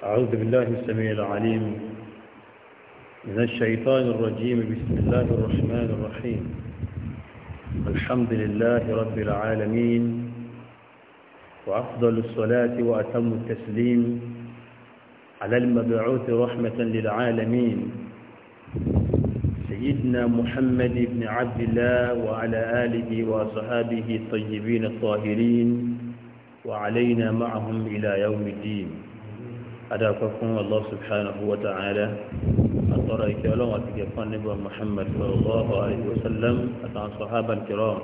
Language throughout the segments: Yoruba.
أعوذ بالله السميع العليم من الشيطان الرجيم بسم الله الرحمن الرحيم الحمد لله رب العالمين وأفضل الصلاة وأتم التسليم على المبعوث رحمة للعالمين سيدنا محمد بن عبد الله وعلى آله وصحابه الطيبين الطاهرين وعلينا معهم إلى يوم الدين adáàkọ́ fún allah subhanahu wa ta'ala àtọ́rọ̀ ìkẹ́ ọlọ́run àti gẹ̀fọ́n níbọn muhammad sallallahu alayhi wa sallam àtàwọn sọ̀hábà kìrọ̀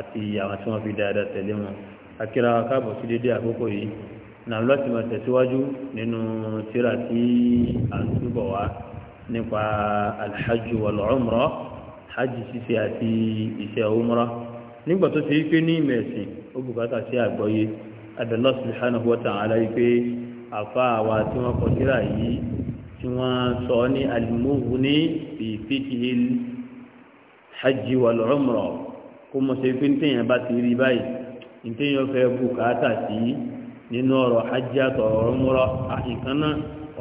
àti àwọn tí wọ́n fi dáadáa tẹ̀lé wọn akíra káàbọ̀ sí dédé àkókò yìí náà lọ́sìn máa tẹ̀síwájú nínú tíra tí à ń túbọ̀ wá nípa alhajj wal-umra hajj ṣíṣe àti iṣẹ́ umra nígbà tó ṣe wípé ní ìmẹ̀sìn ó bùkátà sí àgbọ́yé adàlọ́sùn hàn àfa àwa tí wọ́n kọ síra yìí tí wọ́n sọ ní alimohu ní fìfìtì hajj wàlúrọ̀mùrọ̀ kó mọ̀ ṣe pé téèyàn bá ti rí báyìí téèyàn fẹ́ bùkátà sí nínú ọ̀rọ̀ hajj àtọ̀rọ̀mùrọ̀ àìkánná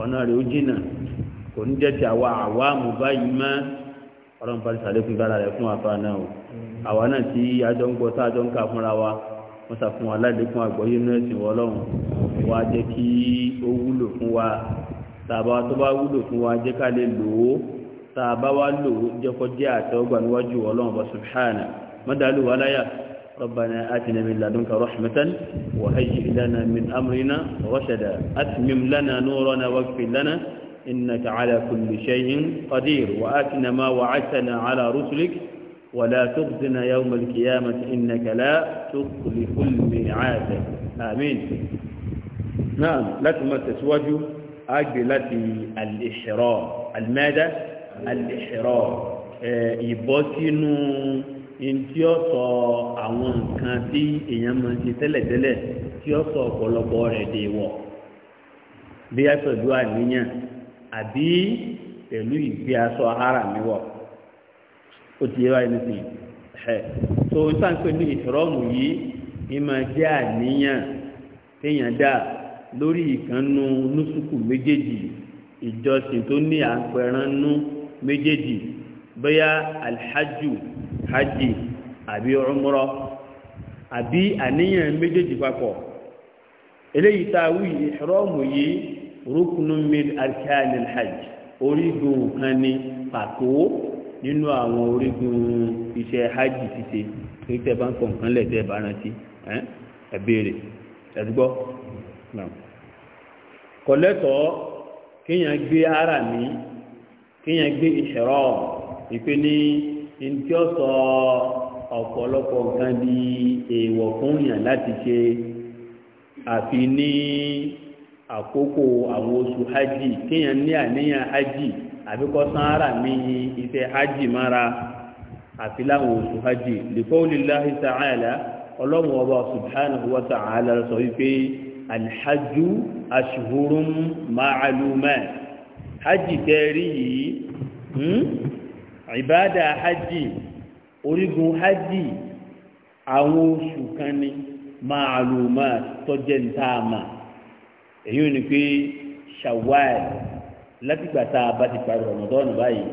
ọ̀nà rẹ̀ ó jìnà kò ní jẹ́ ti àwa àwa mú báyìí mọ́ ọlọ́run bá ti sàlékún dára fún àfa náà o àwa náà tí ajọ́ tá a jọ wa wọ́n sàfún aládékún àgbọ́yé inú ẹ̀sìn ọlọ́run wá jẹ́ kí ó wúlò fún wa tàbá tó bá wúlò fún wa jẹ́ ká lè lò ó tàbá wá lò ó jẹ́ jẹ́ àtẹ́wọ́gbà níwájú ọlọ́run bá subhana mọ́dàlú ربنا آتنا من لدنك رحمة وهيئ لنا من أمرنا رشدا أتمم لنا نورنا واغفر إنك على كل شيء قدير وآتنا ما وعدتنا على رسلك ولا تخزنا يوم القيامة إنك لا تخلف الميعاد آمين نعم لا تسواجه أجل الإحرار الماذا الإحرار ìbọ́sínú ntí ó sọ àwọn nǹkan tí èèyàn máa ń ṣe tẹ́lẹ̀tẹ́lẹ̀ tí ó sọ ọ̀pọ̀lọpọ̀ rẹ̀ dè wọ̀ bí a pẹ̀lú àníyàn àbí pẹ̀lú ìgbé aṣọ ara mi wọ̀ ó ti yẹ báyìí nísìnyí ẹ̀ tó sáńpẹ́ ní ìṣòrọ́mù yìí ìmọ̀ jẹ́ àníyàn téèyàn dá lórí ìkànnú núsùkù méjèèjì ìjọsìn tó ní àpẹrannú méjèèjì bóyá alhajju hajj àbí ọmọrọ àbí àníyàn méjèèjì papọ̀ eléyìí tá a wí ìṣòrọ́mù yìí rúkùnú mi àti àníyàn hajj orígun kan ní pàtó nínú àwọn orígun iṣẹ́ hajj ṣíṣe torí tẹ́ bá ń pọ̀ nǹkan lẹ́tẹ̀ẹ́ bá rántí ẹ béèrè ẹ̀dúgbọ́ kọ̀lẹ́tọ̀ kéèyàn gbé ara mi kéèyàn gbé ìṣẹ̀rọ̀ ìpè ní ntí ó sọ ọ̀pọ̀lọpọ̀ nǹkan di èèwọ̀ fún yàn láti ṣe àfi ní àkókò àwọn oṣù hajj kéèyàn ní àníyàn hajj. àbí kọ́ san ara mi yí iṣẹ́ hajj mara àfi láwọn oṣù hajj lìfọ́wùlìláhi sàcàlà ọlọ́run ọba subhanahu wa ta'ala sọ wípé alhajju ashhurun ma'aluma hajj tẹ́rí yìí hmm? ìbáàdà hajj orígun hajj àwọn oṣù kan ní ma'aluma tọ́jẹ́ ń èyí ò pé shawal látìgbà tá a bá ti parí rọmọdọ́ọ̀nù báyìí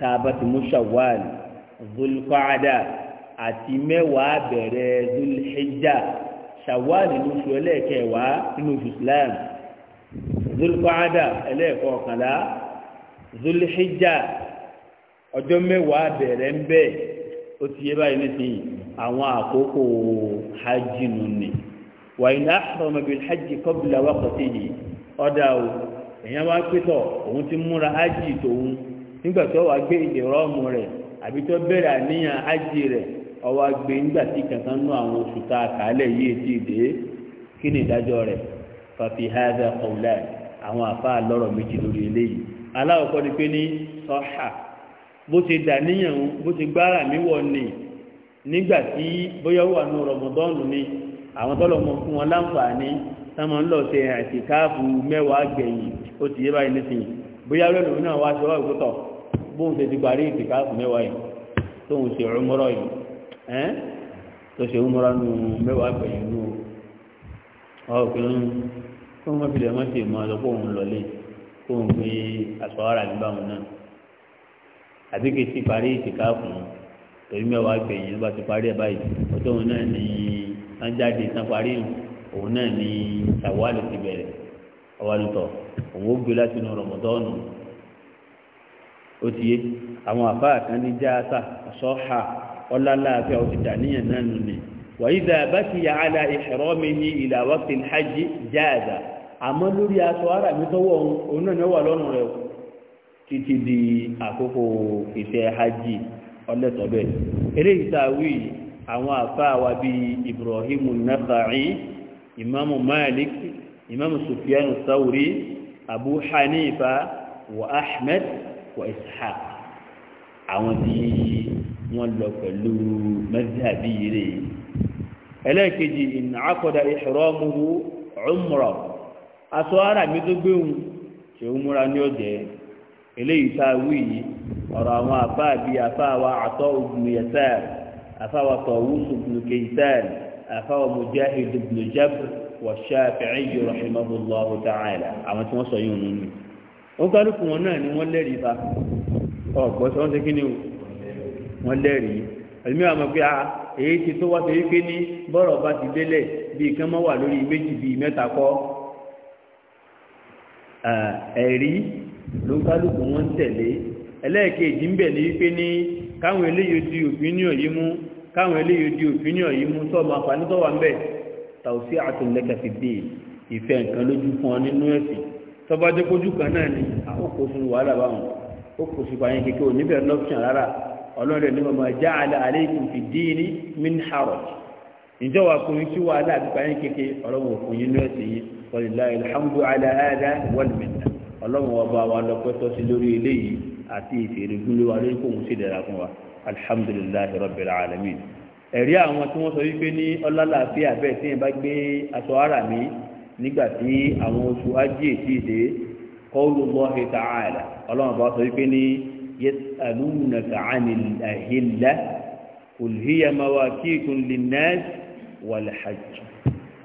tá a bá ti mú ṣàwáàlì zulqaada àti mẹ́wàá bẹ̀rẹ̀ zulhijja ṣàwáàlì ní oṣù ẹlẹ́ẹ̀kẹwàá nínú oṣù islam zulqaada ẹlẹ́ẹ̀kọ̀ọ̀kànlá zulhijja ọjọ́ mẹ́wàá bẹ̀rẹ̀ ń bẹ́ẹ̀ ó ti yé báyìí nísìnyí àwọn àkókò hajj nù ní wàyí náà àṣọ hajj kọ́bìlà wákòtì yìí ọ̀dà o. èèyàn wá pétọ̀ òun ti múra ájì tòun nígbà tó wàá gbé ìdè rọ́ọ̀mù rẹ̀ àbí tó bẹ̀rẹ̀ àníyàn ájì rẹ̀ agbè nígbà tí kankan nú àwọn oṣù tá a kàálẹ̀ yìí ti dé kí ni ìdájọ́ rẹ̀ fàfi hàdà àwọn àfa méjì lórí eléyìí aláwọ̀kọ́ ni pé ní ọ̀hà bó ti bó ti ni nígbà tí bóyá wà táwọn ń lọ sí àti káàfù mẹ́wàá gbẹ̀yìn ó ti yé báyìí nísìnyí bóyá lónìí náà wá sí ọ̀rọ̀ ìgbótọ̀ bóun ṣe ti parí ìtì káàfù mẹ́wàá yìí tóun ṣe ọmọrọ yìí ẹ́n tó ṣe ọmọrọ nù mẹ́wàá gbẹ̀yìn nù ọ̀rọ̀ pé ń kó wọn fi lè mọ́ sí ìmọ̀ ọ̀dọ́ kóun lọlé kóun gbé aṣọ ara nígbà wọn náà àbí kì í ti parí ìtì káàfù torí mẹ́wàá gbẹ̀yìn ló bá ti parí ẹ̀ báyìí ọjọ́ òun náà ní òun náà ní sàwálì ti bẹ̀rẹ̀ ọwálùtọ̀ òun ó gbé láti inú rọmọdọ́ọ̀nù ó ti yé àwọn àfáà kan ní jáàsà sọ́ha ọlálàáfíà ó ti dà níyàn náà nù ní wàyíza bá ti yà á la ìṣòro mi ní ìlà wákìtì hajj jáàzà àmọ́ lórí aṣọ ara mi tọ́wọ́ òun náà wà lọ́rùn rẹ̀ títí di àkókò ìṣẹ́ hajj ọlẹ́tọ̀ eléyìí tá àwọn àfáà wa bíi ibrahim nafa'i imamu malik imamu sufiyanu sauri abu hanifa wa ahmed wa ishaq àwọn tí wọ́n lọ pẹ̀lú mẹ́sàbí rẹ̀ ẹlẹ́ẹ̀kejì ìnà akọ̀dà ìṣòrọ́mùhù ọmọrọ̀ aṣọ ara mi tó gbéhùn ṣe ń múra ní ọ̀jẹ́ eléyìí tá a wí yìí ọ̀rọ̀ àwọn àfáà bíi àfáà wa àtọ́ ògùn yẹtẹ́ àfáà wa tọ̀wúsùn kìlùkẹ́ yìtẹ́ẹ̀ àfáwọn mujahid ibn jabr wa shafi'i rahimahullahu ta'ala àwọn tí wọ́n sọ yìí nínú ó kálukú wọn náà ni wọ́n lẹ́rìí fa ọ̀gbọ́n sọ wọ́n ṣe kí ni wọ́n lẹ́rìí ẹ̀mí àwọn pé a ah, èyí ti tó wá sí wípé ní bọ́ọ̀rọ̀ bá ti délẹ̀ bí kan mọ́ wà lórí méjì bíi mẹ́ta kọ́ ẹ̀rí ló kálukú wọn tẹ̀lé ẹlẹ́ẹ̀kejì ń bẹ̀ ní wípé ní káwọn eléyìí ti òfin ní òyìnbó káwọn eléyìí di òfìníọ̀ yìí mú sọ́ọ̀mù àǹfààní tó wà ń bẹ̀ tàùsí àtúnlẹ́kẹ̀sì dé ìfẹ́ nǹkan lójú fún ọ nínú ẹ̀sìn tọ́ba jẹ́ kójú kan náà ni àkókò sínú wàhálà báwọn ó kò sí fàyín kékeré oníbẹ̀ lọ́pṣàn rárá ọlọ́rẹ̀ ní ọmọ ẹja alẹ́ àlékún fi dín ní minharo ìjọba kùnrin tí wàhálà àti fàyín kékeré ọlọ́run òkun yín nọ́ọ̀sì yín wàlúùlá alhamdu aláàdá alhamdulilahi rabbil alamin ẹ̀rí àwọn tí wọ́n sọ wípé ní ọlálàáfíà bẹ́ẹ̀ tí yẹn bá gbé aṣọ ara mi nígbà tí àwọn oṣù ajé ti dé kọ́ọ̀lù lọ́hìn tààlà ọlọ́run bá sọ wípé ní yẹtàlúùnà tààlì àhìlá kùlùhíyà máa kí ìkùn lè nẹ́ẹ̀sì wàlhàjì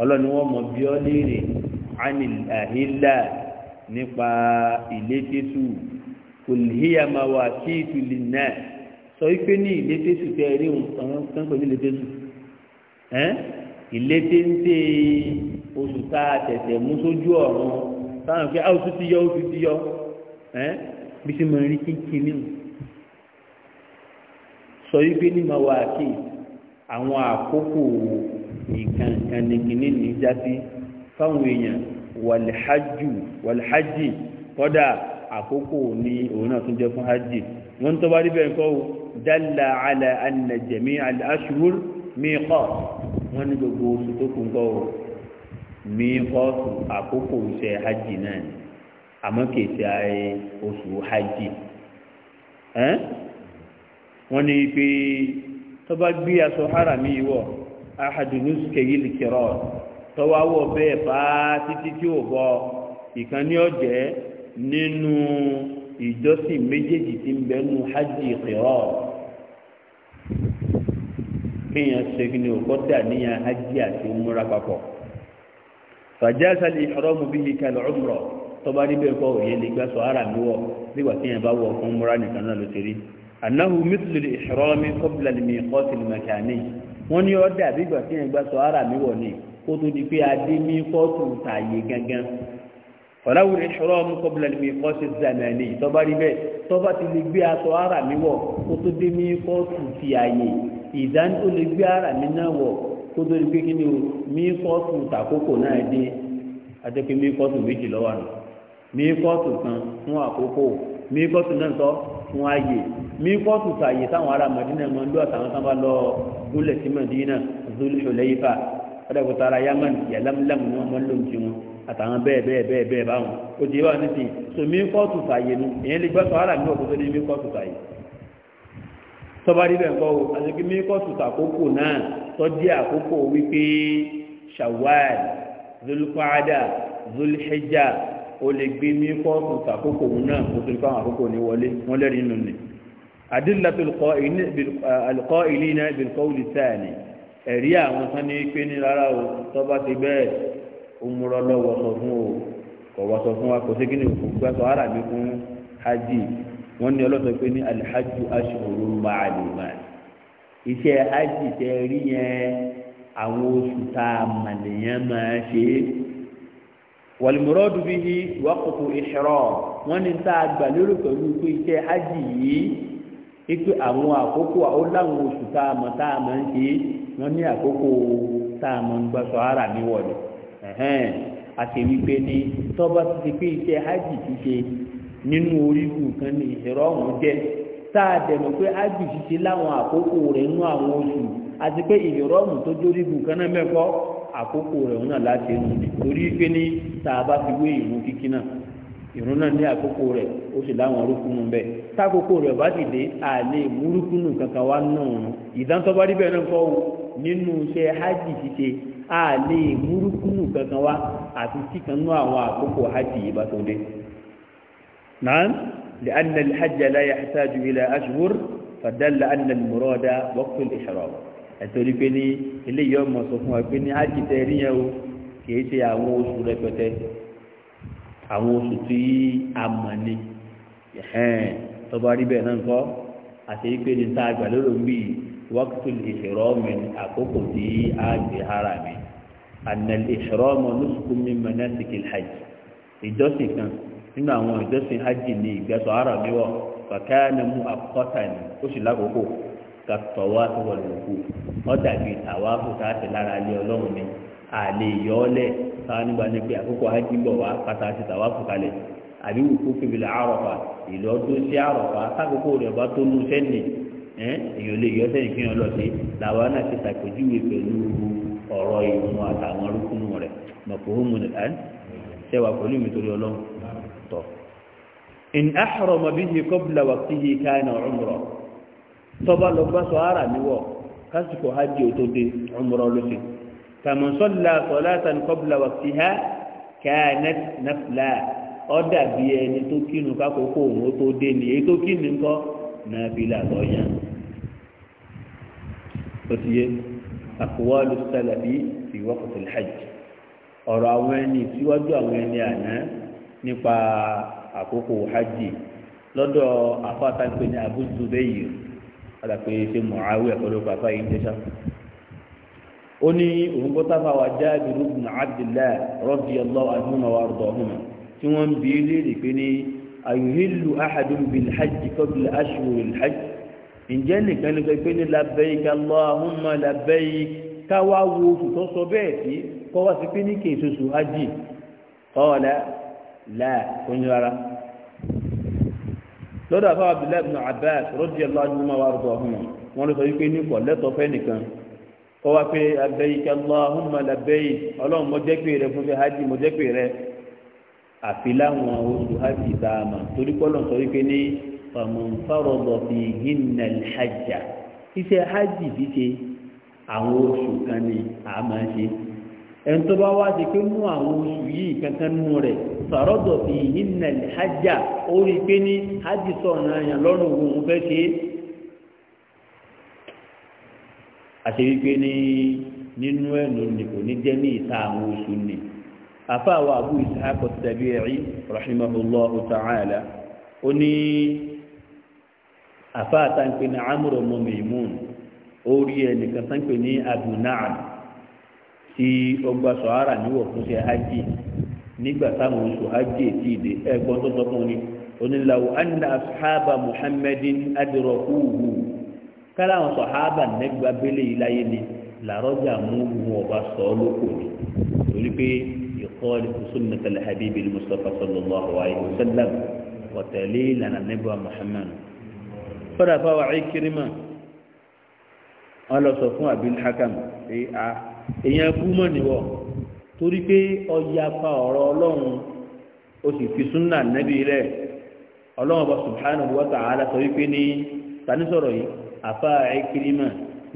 ọlọ́run ni wọ́n mọ̀ bí ọ́ léèrè àhìl àhìlá nípa ìlétésù kùlùhíyà máa kí ìkùn lè nẹ́ẹ̀sì sọ wípé ní ìlétésù tẹ ẹrí òun àwọn kan pẹ̀lú ìlétésù ẹ́ ìlétéńté oṣù tá a tẹ̀tẹ̀ mú sójú ọ̀run táwọn pé áwùsù ti yọ oṣù ti yọ ẹ́ bí sì máa rí kínkín nínú sọ wípé ní màá wà kí àwọn àkókò nǹkan nǹkan nìkíní níjà sí fáwọn èèyàn wàlíhájù wàlíhájì kọ́dà àkókò ní òun náà tún jẹ́ fún hájì wọ́n ń tọ́ bá rí bẹ́ẹ̀ kọ́ o dalla ala anna jami al-ashhur miqat wọn ní gbogbo oṣù tó kún kọ́ o miqat àkókò iṣẹ́ hajj náà ni àmọ́ kìí ṣe ayé oṣù hajj wọ́n ní pé tó bá gbé aṣọ harami wọ̀ ahadunus kẹyìlì kẹrọ tọ́wá wọ̀ bẹ́ẹ̀ bá títí tí ò bọ́ ìkànnì ọ̀jẹ́ nínú ìjọsìn méjèèjì tí ń bẹ́nu hajj kẹrọ kéèyàn ṣe kí ni òkọ́ dà níyàn hajj àti múra papọ̀ fàjásà lè ṣọ́rọ́mù bí i kalẹ̀ ọmọrọ̀ tó bá níbẹ̀ kọ́ òye lè gbá sọ ara mi wọ̀ nígbà tí yẹn bá wọ̀ fún múra nìkan náà ló ti rí anahu mítlùlì ìṣọ́rọ́mì kọ́bìlà lè mìíràn ti lè màkàní wọ́n ní ọ́ dà bí ìgbà tí yẹn gbá sọ ara mi wọ̀ ni kó tó di pé adé mi kọ́ọ̀tù tààyè gangan fọláwù ní ṣọ́rọ́ ọmú kọ́bílẹ̀ ní kọ́ sí zanani tọ́ba rí bẹ́ẹ̀ tọ́ba ti lè gbé aṣọ ara mi wọ̀ kó tó dé mí kọ́ tù ti àyè ìdáni tó lè gbé ara mi náà wọ̀ kó tó lè gbé kí ni o mí kọ́ tù tàkókò náà dé àtẹ́kẹ́ mí kọ́ tù méjì lọ́wọ́ nù mí kọ́ tù kan fún àkókò mí kọ́ tù náà tọ́ fún àyè mí kọ́ tù tàyè táwọn ará màdínà máa ń lọ àtàwọn sábà lọ gúnlẹ̀ sí màdínà zulhulẹ́yìfà ọ̀dàkùtà àtàwọn bẹ́ẹ̀ bẹ́ẹ̀ bẹ́ẹ̀ bẹ́ẹ̀ báwọn ó ti wá ní sìn so mí kọ́ọ̀tù fàyè nu ìyẹn lè gbọ́sọ̀ ara mi òkúta ní mí kọ́ọ̀tù fàyè tọ́ba rí bẹ́ẹ̀ kọ́ o àti kí mí kọ́ọ̀tù àkókò náà tọ́jú àkókò wípé shawal zulqaada zulhijja o lè gbé mí kọ́ọ̀tù àkókò náà o tó fáwọn àkókò ní wọlé wọn lẹ́rìí nù ní àdìlàtò alùkọ́ ìlú náà bìlùkọ́ òlì sáà ni ẹ̀rí àwọn sanni pé ní rárá o tọ́ba o mụrụ ọlọ sọ fún o kò sọ fún wa kò sí kí ni òkú sọ ara mi fún hajj wọ́n ní ọlọ́sọ pé ní alihajj aṣòro màálùmá hajj tẹ rí yẹn àwọn oṣù tá a mà nìyẹn máa i wákòókò ìṣòro ní tá a gbà lérò hajj yìí ipe àwọn a mọ̀ tá a mọ̀ ń ṣe ní àkókò tá a mọ̀ ẹ̀hẹ́n àti wípé ní tọ́ba ti ti pé iṣẹ́ hajj ṣíṣe nínú orígun kan ní ìrọ̀rùn jẹ́ a dẹ̀mọ̀ pé hajj ṣíṣe láwọn àkókò rẹ̀ nú àwọn oṣù àti pé ìrọ̀rùn a wé ìrún kíkí náà ìrún náà ní àkókò rẹ̀ ó sì láwọn bẹ́ẹ̀ rẹ̀ bá ti dé àlè múrúkúnú kankan wá náà ìdántọ́ bẹ́ẹ̀ náà kọ́ nínú iṣẹ́ hajj a lè múrúkúnù kankan wá àti tí kan nú àwọn àkókò hajj yìí bá tó dé. náà lè anna hajj aláya ṣáájú ilẹ̀ ashur fàdálà anna mùrọ́dá wọ́pùl ìṣòro ẹ̀tọ́rí pé ní eléyìí ọmọ sọ fún wa ní hajj tẹ rí yẹn o kìí ṣe àwọn oṣù rẹpẹtẹ àwọn oṣù tí a mọ̀ ni tọba rí bẹ́ẹ̀ náà kọ́ àti pé ní tá a ń bí wákìtù ìṣèrọ́mù àkókò tí a gbé ara mi àna ìṣèrọ́mù lóṣùkún mi mọ̀ náà sìkìl hajj ìjọsìn kan nínú àwọn ìjọsìn hajj ní ìgbẹ́sọ̀ ara mi wọ̀ kàkáyánà mú àkọ́tà ní oṣù lákòókò kàtọ̀wá tó wọ̀ lóko ọ̀dà bíi tàwa kò tá a ti lára ilé ọlọ́run ni àlè yọ̀ọ́lẹ̀ táwọn nígbà ní pé àkókò hajj ń bọ̀ wá pátá ti tàwa kò kalẹ̀ àbí wùkú fìbìlà àrọ̀fà ìlọ́dún sí àrọ̀fà sákòókò rẹ̀ bá tó lù sẹ́ni èèyàn lè yọ sẹ́yìn kí wọ́n lọ sí làwọn náà ti ṣàpèjúwe pẹ̀lú ọ̀rọ̀ ìmú àtàwọn arúgbó rẹ̀ mọ̀kòhómù nìkan sẹ́wà pẹ̀lú ìmìtorí ọlọ́run tọ̀. in ahrọ̀mọ̀ bí ṣe kọ́bùlà wà sí yìí káyìn ọ̀rọ̀ tọ́ba lọ gbá sọ ara níwọ̀ kásìkò hajj ò tó dé ọmọrọ̀ ló ṣe tàmùsọ́lá sọ̀látan kọ́bùlà wà sí ha káyìn náfìlà ọ̀dà bí òtíye àkọwálù sálàbí fi wọ́pọ̀tò hajj ọ̀rọ̀ àwọn ẹni síwájú àwọn ẹni àná nípa àkókò hajj lọ́dọ̀ àfáàtàpé ní abúlé bẹ́yì alàpé ṣe mọ̀áwé ẹ̀kọ́lọ́pọ̀ àfáà yìí ń tẹ́sà ó ní òun kó sáfà wà jáde rúbùn abdullá rọ́bì ọlọ́wọ́ àdúmọ̀ wa rọ̀dọ̀ ọ̀hún tí wọ́n ń bi léèrè pé ní àyùhílù ahadùn bìlhajj kọ́bìlì aṣùwòrìlhajj ǹjẹ́ nìkan ló sọ pé ní labẹ́yì kálọ́ ahúnmọ́ labẹ́yì káwá wo oṣù tó sọ bẹ́ẹ̀ sí kọ́ wá sí pé ní kì í ṣoṣù hajj ọ̀ọ́lá láà oyún rárá lọ́dọ̀ àfáà abdullahi bin abbas rọ́dí ẹ̀ lọ́wọ́ ọmọ wa rọ̀bọ̀ ọ̀hún wọn ló sọ wípé ní kọ̀ fàmùfàrọ̀bọ̀ fi hinna hajjá iṣẹ́ hajj ṣíṣe àwọn oṣù kan ni a máa ṣe ẹni tó bá wá ṣe pé mú àwọn oṣù yìí kankan nù rẹ̀ fàrọ̀bọ̀ fi hinna hajjá ó rí i pé ní hajj sọ̀rọ̀ àyàn lọ́nà òun fẹ́ ṣe é àti ní nínú ẹnu ni ní jẹ́ ní ìta àwọn oṣù ni àfáàwọ̀ àbú ìsáàkọ̀ tẹ̀bí rahimahullah ta'ala ó àfa àtàǹpé ní amúrò ọmọ mẹ̀mún orí ẹnìkan sáǹpé ní abunaam tí ọgbà sọ̀hárà níwọ̀ fún ṣe hajj nígbà táwọn oṣù hajj ti dé ẹgbọ́n tó sọ fún ni onílàwọ̀ anna asahaba muhammadin adirọ̀kúhù kára àwọn sọ̀hábà nẹ́gbà bẹ́lẹ̀ yìí láyé ni làrọ́jà mú wọn ọba sọ lóko ni torí pé ìkọ́lé kùsùnmùtàlẹ̀ habibi mustapha sallallahu alayhi wa sallam wọ̀tẹ̀lẹ́ ìlànà nẹ́gbà muhammadu kọ́dà fáwọn àìkírímà wọn lọ sọ fún abil hakam pé a èèyàn bú mọ̀ níwọ̀ torí pé ọya pa ọ̀rọ̀ ọlọ́run o sì fi súnà nẹ́bí rẹ̀ ọlọ́run ọba subhanahu wa ta'ala sọ wípé ní tani sọ̀rọ̀ yìí àfa àìkírímà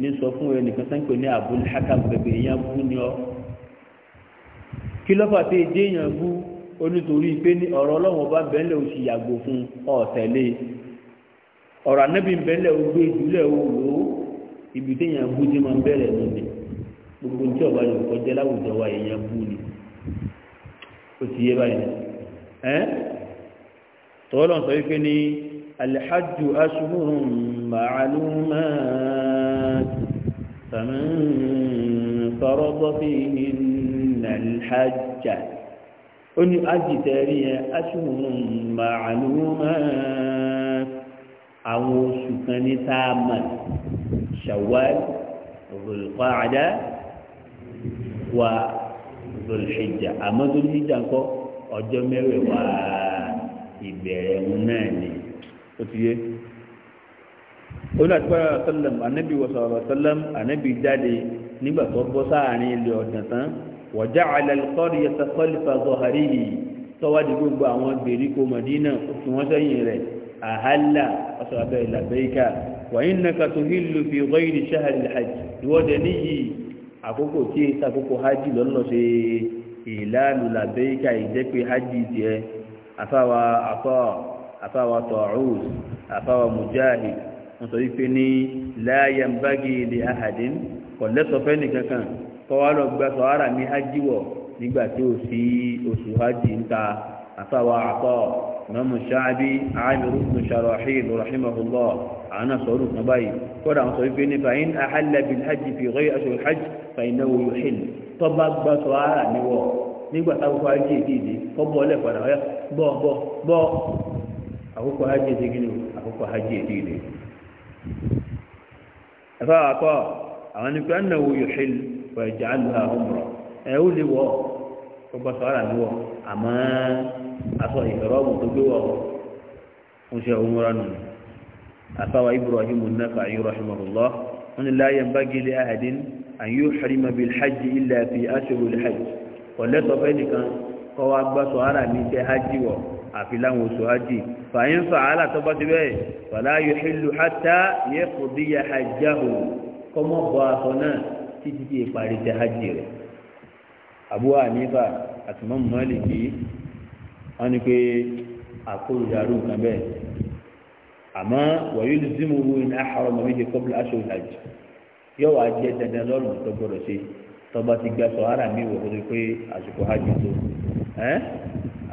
ní sọ fún ẹnìkan sáńpẹ̀ ní abul hakam pẹ̀pẹ̀ èèyàn bú ni ọ kí lọ́fà tí èdè èèyàn bú onítorí pé ní ọ̀rọ̀ ọlọ́run ọba bẹ́ẹ̀ lè o sì yàgò fún ọ̀tẹ̀lé ọ̀rọ̀ anábì bẹ́lẹ̀ ogbé ìdúlẹ̀ òwúrò ibi tí èèyàn bú ti máa bẹ̀rẹ̀ lónìí gbogbo tí ọba yóò kọjá láwùjọ wa èèyàn bú ni ó ti yé báyìí ẹ́ tọ́lọ̀ sọ wípé ní alhajju asuhurun ma'aluma faman farọ́gbọ́ fi hinna alhajja ó ní ajì tẹ̀rí yẹn asuhurun ma'aluma àwọn oṣù kan ní táàmà shawwal zulqaada wa zulhijja àmọ́ zulhijja ńkọ́ ọjọ́ mẹ́wẹ̀ẹ́wà ìbẹ̀rẹ̀ òun náà ni ó ti yé olú àtúbọ̀rọ̀ ọ̀sọ́lẹ̀m anábì wọ̀sọ̀rọ̀ ọ̀sọ́lẹ̀m anábì jáde nígbà tó bọ́ sáàrin ilé ọ̀dàn tán wọ̀já àlẹ́lẹ́kọ́rì yẹtẹ kọ́lífà zọ̀hárí yìí tọ́wádìí gbogbo àwọn gbèríko mọ̀dínà ó fi wọ́n sẹ́yìn rẹ̀ àhálà ọ̀sọ̀rọ̀bẹ̀ ìlàbẹ́ríkà wàyí nàkà tó hìlù fi rọ́ìlì sáhàlì hajj ìwọ́dẹ níyì àkókò tí èsì àkókò hajj lọ́nà ṣe ìlànà làbẹ́ríkà ìjẹ́pẹ́ hajj tiẹ̀ afáwa afọ́ afáwa tọ̀ọ̀rùs afáwa mujahid wọ́n sọ wípé ní láyàmbági ilé ahàdín kọ̀lẹ́sọ̀fẹ́ nìkankan kọ́wá lọ gba sọ̀hárà ní hajj wọ̀ nígbà tí ò sí oṣù hajj ń ta afáwa afọ́ mọ́mú ṣáàbí àmìrú ṣàròhìn rahimahullah àánà sọ̀rọ̀ kan báyìí kọ́dà wọn sọ wípé ní fàyín ahàlẹ́bí hajj fi rẹ́ aṣọ hajj fàyín náà wọ́n hìn tó bá gbọ́ sọ ara níwọ̀ nígbà táwọn hajj èdè ìdè kọ́ bọ́ ọlẹ́ padà ọ̀yà bọ́ bọ́ bọ́ àkókò hajj èdè gínú àkókò hajj èdè ẹ̀fọ́ àkọ́ àwọn nípa náà wọ́n hìn fàyín jàǹdà ọmọ ẹ̀ ó lè wọ́ kọ́ bọ́ sọ ara níwọ̀ àmọ́ aṣọ ìrọ́bù tó gbé wọ̀ ń ṣe òmùra nù àfáwà ibrahim nafa ayé rahimahullah wọn ni láyé bá gílé ahadin an yóò xarima bí hajj ilẹ̀ fi aṣọ́rò lè hajj ọ̀lẹ́sọ̀ fẹ́ nìkan kọ́ wa gbá sọ ara mi tẹ́ hajj wọ̀ àfi láwọn oṣù hajj fàyín fa àhálà tó bá ti bẹ́ẹ̀ fàlá yóò xìlù hátà yẹ kò bí ya hajjáhù kọ́mọ́ bọ́ aṣọ náà títí tí ìparí tẹ́ hajj rẹ̀ àbúrò ànífà àtìmọ́ mọ́lì bíi wọ́n ní pé àkóyàrú nǹkan bẹ́ẹ̀ àmọ́ wàyí ló dín mú owó iná àárọ̀ mọ̀ méje kọ́bùlà aṣọ ìlàjì yóò wá jẹ́ dandan lọ́rùn tó gbọ́dọ̀ ṣe tọba ti gba sọ ara mi wò ó pé àsìkò hajj tó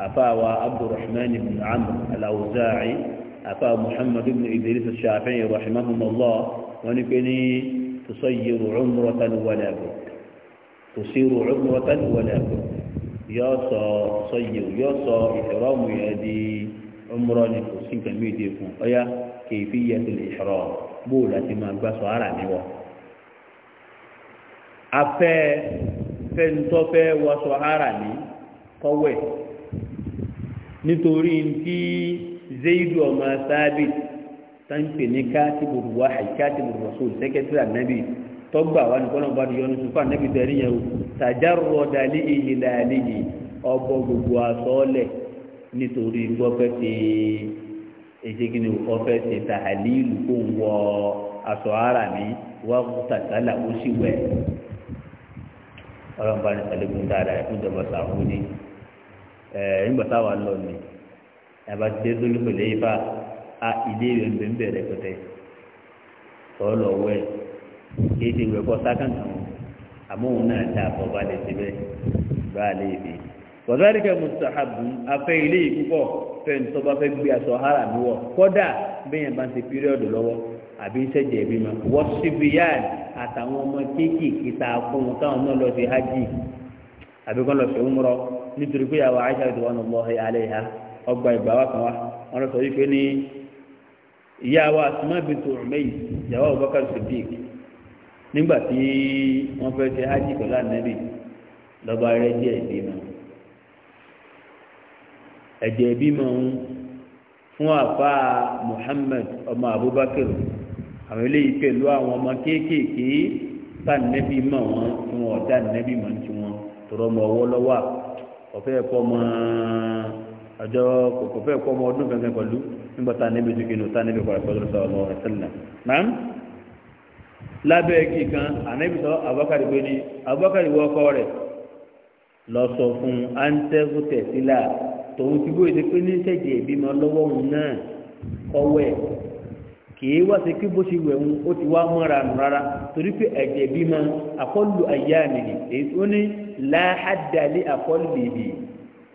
àfàwà abdulrahman ibn amr alawuzaayi àfàwà muhammad ibn idris shafi'i rahimahumullah wọ́n ní pé ní tusayiru cumratan wàlàbù tusiru cumratan wàlàbù yọ sọ sọyẹ yọ sọ ìṣòrọmù yẹn di ọmọrọ ni kò sí nǹkan méje fún ọyá kèéfì yẹ ti lè ṣòro bóòlù àti máa gbà sọ ara níwọ. afẹ́ fẹ́ntọ́fẹ́ wọṣọ ara ní kọ́wẹ́ nítorí tí zeidu ọmọ sábìt tanpe ní kátìbù wáhì kátìbù rọ̀ṣọ́ọ̀lù sẹ́kẹ́tìrì ànábì tọ́gbà wà ní kọ́nà bá yọ ní sùfà ànábì tẹ̀rí yẹn o tàjárò dalí ìhìlàlì yìí ọbọ gbogbo asọ́ọ̀lẹ̀ nítorí gbọ́fẹ́ ti ezegini ọfẹ́ ti tàhálí ìlú kó ń wọ aṣọ ara mi wọ́n kú tàtàlà ó sì wẹ̀ ọlọ́run bá ní sàlẹ̀kùn dáadáa ẹ̀kú ìjọba sàwọn ní ẹ̀ nígbà táwa lọ ni ẹ̀bá ti dé lórí pẹ̀lú ifá a ilé ìwé ń bẹ̀rẹ̀ pẹ̀tẹ́ tọ́ lọ wẹ̀ kéde ìwé kọ́ sákàǹtàn àmọ́ òun náà dá àbọ̀ bá lè ṣe bẹ́ẹ̀ bá a lè fi. wàzáríkẹ́ mustahabu afẹ́ ilé yìí púpọ̀ fẹ́ni tó bá fẹ́ gbé aṣọ hara mi wọ̀ kọ́dà bẹ́yẹn bá ń ṣe píríọ̀dù lọ́wọ́ àbí sẹ́jẹ̀ bí ma wọ́n síbi yá àtàwọn ọmọ kéékèèké tá a fún un táwọn náà lọ sí hajj àbí kọ́ lọ sí umrọ nítorí pé àwọn aṣáájú àdúgbò náà lọ́ọ́ alẹ́ ha ọgbà ìgbà wa kan wa wọ́n lọ sọ wípé ní ìyá wa asumá ọ̀mẹ́yì nígbàtí wọ́n fẹ́ ṣe ájì pẹ̀lú ànẹ́bì lọ́ba rẹ̀ jẹ́ ìbímọ ẹ̀jẹ̀ ìbímọ ń fún àfa muhammed ọmọ abubakar àwọn eléyìí pẹ̀lú àwọn ọmọ kéékèèké tànẹ́bì mọ̀ wọ́n fún ọ̀dà ànẹ́bì mọ̀ ní tiwọn tọrọ ọmọ ọwọ́ lọ́wọ́ ọ̀fẹ́ ẹ̀kọ́ ọmọ ọjọ́ kòkòfẹ́ ẹ̀kọ́ ọmọ ọdún kankan pẹ̀lú nígbà tànẹ́bì tó kí ni tànẹ́bì pàrọ̀ pẹ̀lú sọ̀rọ̀ ọ̀sẹ̀ náà lábẹ́ igi kan ànábìsọ abubakar gbé ní abubakar wọ ọkọ rẹ lọ sọ fún antẹ́fù tẹ̀sílà tòun ti bóyá pé ní sẹ̀jẹ̀ ìbímọ lọ́wọ́ òun náà kọ́wọ́ ẹ̀ kìí wá sí kí bó ṣe wẹ̀ ń ó ti wá mọ́ra nù rárá torí pé ẹ̀jẹ̀ bímọ àkọlù ayé àmì èyí tó ní láhàdàlẹ́ àkọlù ìbí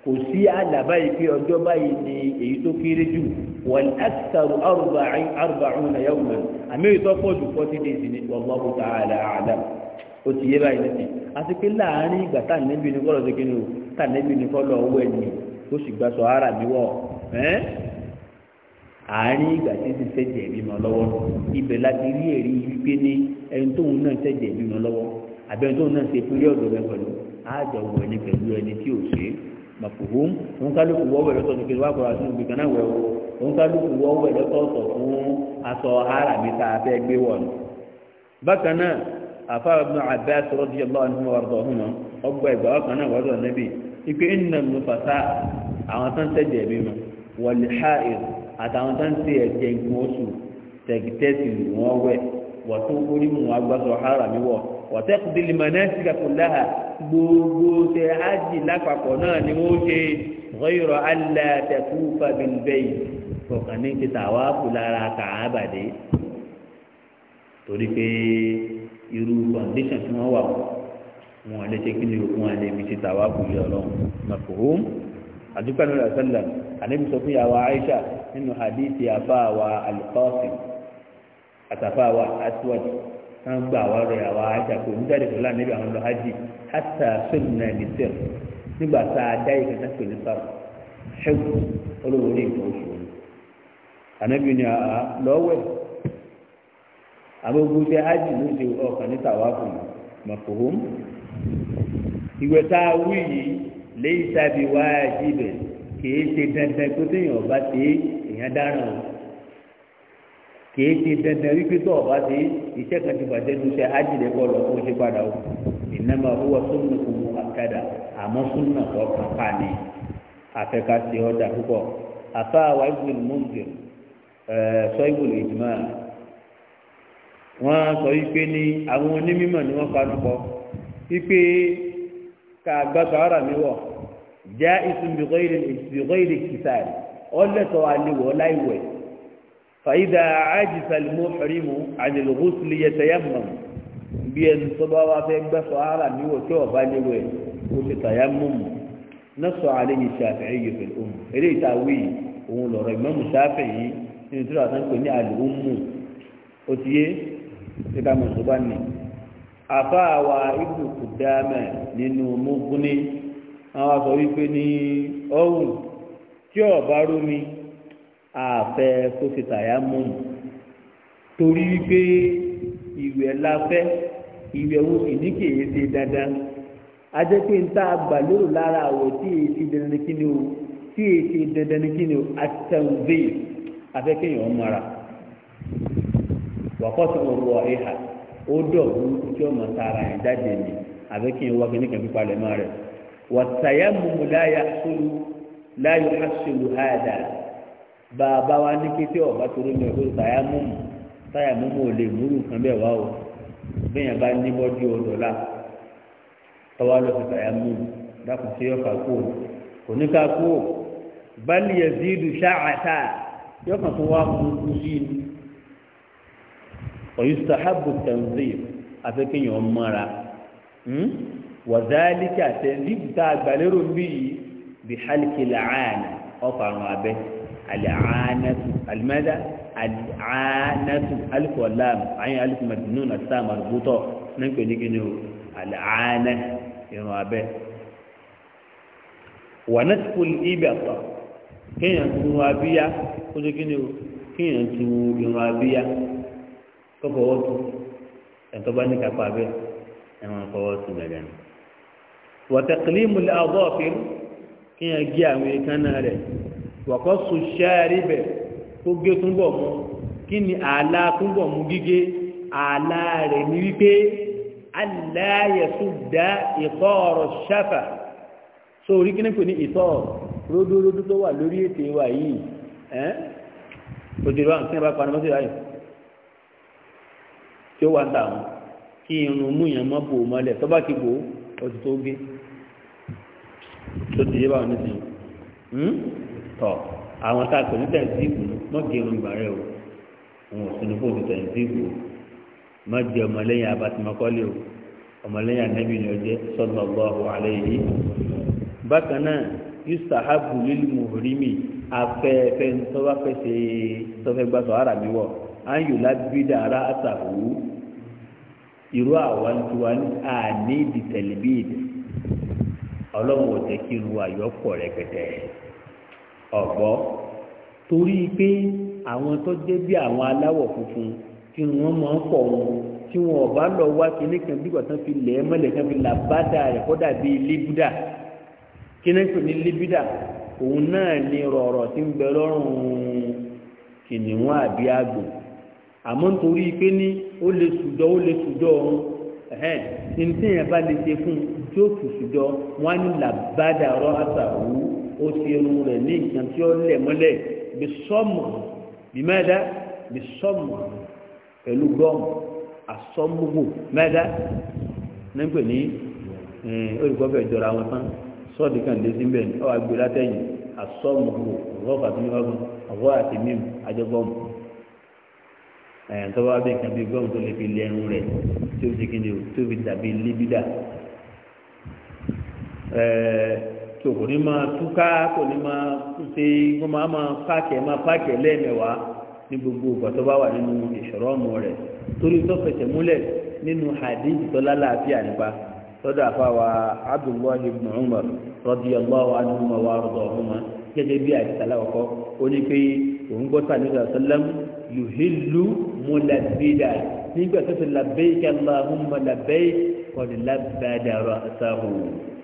kò sí àlàbáyé pé ọjọ́ báyìí ni èyí tó kéré jù wọ́n ẹ́sàrù arba'una yawman àmì ìtọ́pọ̀ jù 40 days ní wallahu ta'ala a'lam ó ti o tànẹ́bí ni kọ́lọ̀ àárín ìgbà tí ti sẹ́jẹ̀ ẹ̀bí mọ́ lọ́wọ́ ibẹ̀ láti rí èrí wípé ní ẹni tóun náà sẹ́jẹ̀ ẹ̀bí mọ́ lọ́wọ́ àbẹ̀ni tóun náà ṣe píríọ̀dù rẹ pẹ̀lú àjọ wọ ẹni pẹ̀lú ẹni tí ò ṣe òun kálukú òǹkálùkù wọ́n wẹ̀ lọ́tọ̀ọ̀tọ̀ fún aṣọ ara mi a fẹ́ gbé wọ̀ ni. bákan náà àfáà ibùdó àbẹ́ àtọ́rọ́ di ọlọ́run ní ọ̀rọ̀ ọ̀hún mọ́ ọgbà ìgbà ọkàn náà wọ́dọ̀ níbi ike ìnà nùfàtà àwọn tó ń tẹ̀jẹ̀ ẹ̀mí mọ́ wọ̀lì háìr àtàwọn tó tẹ̀ ẹ̀jẹ̀ nǹkan oṣù wọ́n wẹ̀ wọ́n orí agbáṣọ ara mi wọ̀ wọ́tẹ́kùdì lìmọ̀nẹ́sìkà kò láhà gbogbo tẹ ájì lápapọ̀ náà ni wọ́n ṣe rọ́yọ̀rọ̀ alátẹ̀kù fàbílbẹ́yì kọ̀ọ̀kan ní ti tàwa kù lára kàábàdé torí pé irú kọ̀ǹdíṣàn tí wọ́n wà wọn lè ṣe kí ni òkun àlè mi ti tàwa kù yọ lọ mọ̀kòó àdúgbò náà sẹ́lẹ̀ ànábi sọ fún yàwá aisha nínú hadithi àfáàwà alùpàṣẹ àtàfáàwà àtiwájú. wọn gba awa ọrẹ awa ajá pé òun jáde pẹ̀lú àmì àwọn lọ́hájì hàtà sómìnà ìbísẹ̀ nígbà tá a dá ìkan pè ní olówó nǹkan oṣù wọn. ni àá lọ́wẹ̀ àbógbó tẹ ájì ló ṣe ọkàn ní tàwáfù mọ̀kòhóm. ìwẹ̀ tá a wí yìí léyìí wáyà kì í ṣe dandan kó ọba ṣe o. kìí ṣe dandan wípé tó ọba ṣe iṣẹ́ kan ti bàjẹ́ ní iṣẹ́ ajílẹ̀ bọ́ọ̀lù ọkọ̀ ṣe padà o ìnáma owó súnmù kò mú akada àmọ́ súnmù kọ́ kàkà ni afẹ́ka ṣe ọjà púpọ̀ afa wa ibùdó mọ́ǹdìr sọ ibùdó ìjùmọ̀ wọn sọ wípé ní àwọn onímọ̀ ni wọ́n fanu kọ́ wípé ká gbàgbọ́ ara mi wọ̀ já ìsúnbìkọ́ ìrìn ìsúnbìkọ́ ìrìn kìsà ọ̀lẹ́tọ̀ àlewọ̀ láìwẹ̀ fàyídà àjìsàlì mọ́fẹ́rìmù ànìlùkùsùlì yẹtẹ̀yàmọ̀ bí ẹni tó bá wá fẹ́ gbẹ́sọ̀ ara níwọ̀ tí ọ̀bá níwẹ̀ ó ti tàyàmọ̀ mu nọ́sọ̀ alẹ́ yìí ṣàfihàn umm. yìí fẹ́ ọmọ eré ìtàwé òun lọ̀rọ̀ ìmọ̀mù ṣàfihàn yìí nínú tí wọ́n pè ní àlùmù ó ti yé nígbà mùsùlùmá ni àfáàwà ibù kùdámẹ̀ nínú mọ́gúnni àwọn sọ wípé ní ọ̀hún tí ọ̀bá rú mi àfẹ kó ṣe tàyà mú un torí wípé ìwẹ̀ la fẹ́ ìwẹ̀ wo sì ní kì í ṣe dandan ajẹ́pẹ́ ń tá a gbà lérò lára àwọ̀ tí èyí ṣe dandan ní kíni o tí èyí ṣe dandan ní kíni o àtẹ̀wé afẹ́kẹ́yìn ọmọ ara wọn wọ ẹ̀hà ó dọ̀ burúkú tí ọmọ tààrà yẹn jáde ní afẹ́kẹ́yìn wọ́n kíní kan pípa lẹ́mọ́ rẹ̀ wàtàyà mùmù láyà sólù láyò hásùlù háàdà bàbá wa ní kété ọba torí mi ò táyà múmu táyà múmu ò lè múrù kan bẹ́ẹ̀ wá o bẹ́ẹ̀ bá ní bọ́dí ọ̀dọ́là tọ́wá lọ sí táyà múmu dákun sí yọ̀ọ̀ká kú o kò ní ká kú o bali yazidu ṣáàtà yọ̀ọ̀kan tó wá mú kú sí i ọ̀yìn sàhábù afẹ́kẹ́yìn ọmọra wàzálíkà tẹ̀ǹzì tá a gbàlérò mbí yìí bí hàlìkì làánà ọ̀fà àrùn abẹ́. العانة الماذا العانة ألف واللام عين ألف مجنون الساء مربوطة نمكن نجنو العانة ينوابه ونسف الإبطة كين ينوابيا ونجنو كين ينوابيا كفوته ẹ̀ntọ́bání kápá bẹ́ẹ̀ ẹ máa fọwọ́ sí gbẹ̀gẹ̀ ni. wọ́tẹ̀kìlímù lè àbọ̀ fi kí yẹn gé àwọn èèkàn náà rẹ̀ wọ̀kọ́ so rí bẹ̀ tó gé túnbọ̀ mú kí ni àlá túnbọ̀ mú gígé àlá rẹ̀ ní wípé aláyẹ̀sù dá ìtọ́ ọ̀rọ̀ ṣáfà so orí kíní pè ní ìtọ́ ródóródó tó wà lórí ètè wa yìí òjòrò àwọn tí parí mọ́tò tí ó wà kí irun mú yẹn mọ́ bò mọ́lẹ̀ ti bò ó ti tọ̀ àwọn tá a pè ní tẹ̀síìbù mọ́gì irun gbà rẹ o òun ò sínú fóònù tẹ̀síìbù o mọ́gì ọmọlẹ́yìn abatimọ́kọ́lé o ọmọlẹ́yìn anábì ni ọjẹ́ sọ́dọ̀ ọgbọ́ọ̀hún alẹ́ yìí bákan náà yusufu lílù mùhùrímì afẹ́fẹ́ tọ́wáfẹ́sẹ̀ tọ́fẹ́ gbà sọ ara mi wọ̀ ayò lábídà ara àtàwù irú àwa tiwa ní àní ìdìtẹ̀lẹ́bíìdì ọlọ́run ò jẹ́ kí irun wa yọ pọ̀ rẹpẹtẹ ọ̀gbọ́ torí pé àwọn tó jẹ́ bí àwọn aláwọ̀ funfun tí wọ́n máa ń fọ̀ wọn tí wọn ò bá lọ wá kíní kan bí wọ́n fi lẹ̀ mọ́lẹ̀ kan fi là bá dà rẹ̀ kọ́dà libuda, lébúdà kíní kan ní lébúdà òun náà ni rọ̀rọ̀ tí ń bẹ lọ́rùn kìnìún àbí àgbò àmọ́ nítorí pé ní ó lè sùjọ́ ó lè sùjọ́ ọ̀hún ẹ̀hẹ́n tí ní tí yẹn bá lè ṣe fún un tí ó tù sùjọ́ wọn á ní làbádà rọ́ àtàwù ó ti irun rẹ̀ ní nǹkan tí ó lẹ̀ mọ́lẹ̀ bí sọ́mù bí mẹ́ẹ̀dá bí sọ́mù pẹ̀lú gọ́ọ̀mù asọ́mùgbò mẹ́ẹ̀dá ní pè ní olùkọ́ eh, fẹ́ jọra wọn tán sọ́ọ̀dì kan dé sí bẹ́ẹ̀ ọ àgbè látẹ̀yìn asọ́mùgbò rọ́ọ̀fà tó ní wọ́n ọ̀wọ́ àti mímu ajọ́gọ́ọ̀mù ẹ̀yàn eh, tó bá bí gọ́ọ̀mù tó lè fi lẹ́nu rẹ̀ tó fi dàbí líbídà eh, tó kò ní máa túká kò ní máa ṣe kó máa máa pààkì ẹ̀ máa pààkì ẹ̀ lẹ́ẹ̀mẹ̀wàá ní gbogbo ìgbà tó bá wà nínú ìṣòro ọmọ rẹ̀ torí tó fẹsẹ̀ múlẹ̀ nínú hadith tó lálàáfíà nípa lọ́dọ̀ àfáwà abdullahi ibn umar radiyallahu anhu wa ardọ̀húnmá gẹ́gẹ́ bí àìsàlá ọkọ̀ ó ní pé òun gbọ́ sàlẹ̀ sàlẹ̀m yuhilu mulabida nígbà tó ti labẹ́yìí kí aláhùn mulabẹ́yìí kọ́ni labẹ́dàrọ̀ sáhùn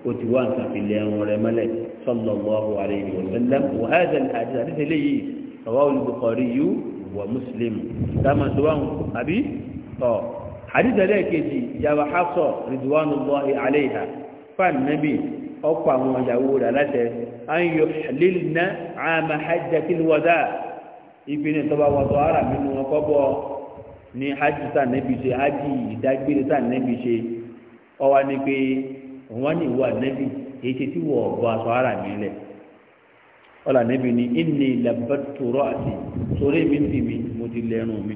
ó ti wá nǹkan fi lé ẹran rẹ mọ́lẹ̀ sallallahu alayhi wa sallam wa hadha al-hadith àti tẹ̀lé yìí ọ̀wá olùbùkọ̀rí yú wa muslim dáàmà tó wà ń àbí ọ̀ hadith ẹlẹ́ẹ̀kejì ìyàwó hafsọ ridwanu allahi alayha fan nabi ọkọ̀ àwọn ìyàwó rẹ̀ aláṣẹ an yọ àmà hajjatil wada ìpínlẹ̀ tó bá ara mi mú ọkọ̀ bọ́ ní hajj tá nẹ́bi ṣe hajj ìdágbére tá nẹ́bi ṣe ọwa òun wá ní ìwọ ànẹ́bí èyí ṣe tí wọ́n bọ aṣọ ara mi lẹ̀ ọ̀là ànẹ́bí ni ìní làbàtúrọ̀ àti sórí mi sì mi mo ti lẹ́rùn mi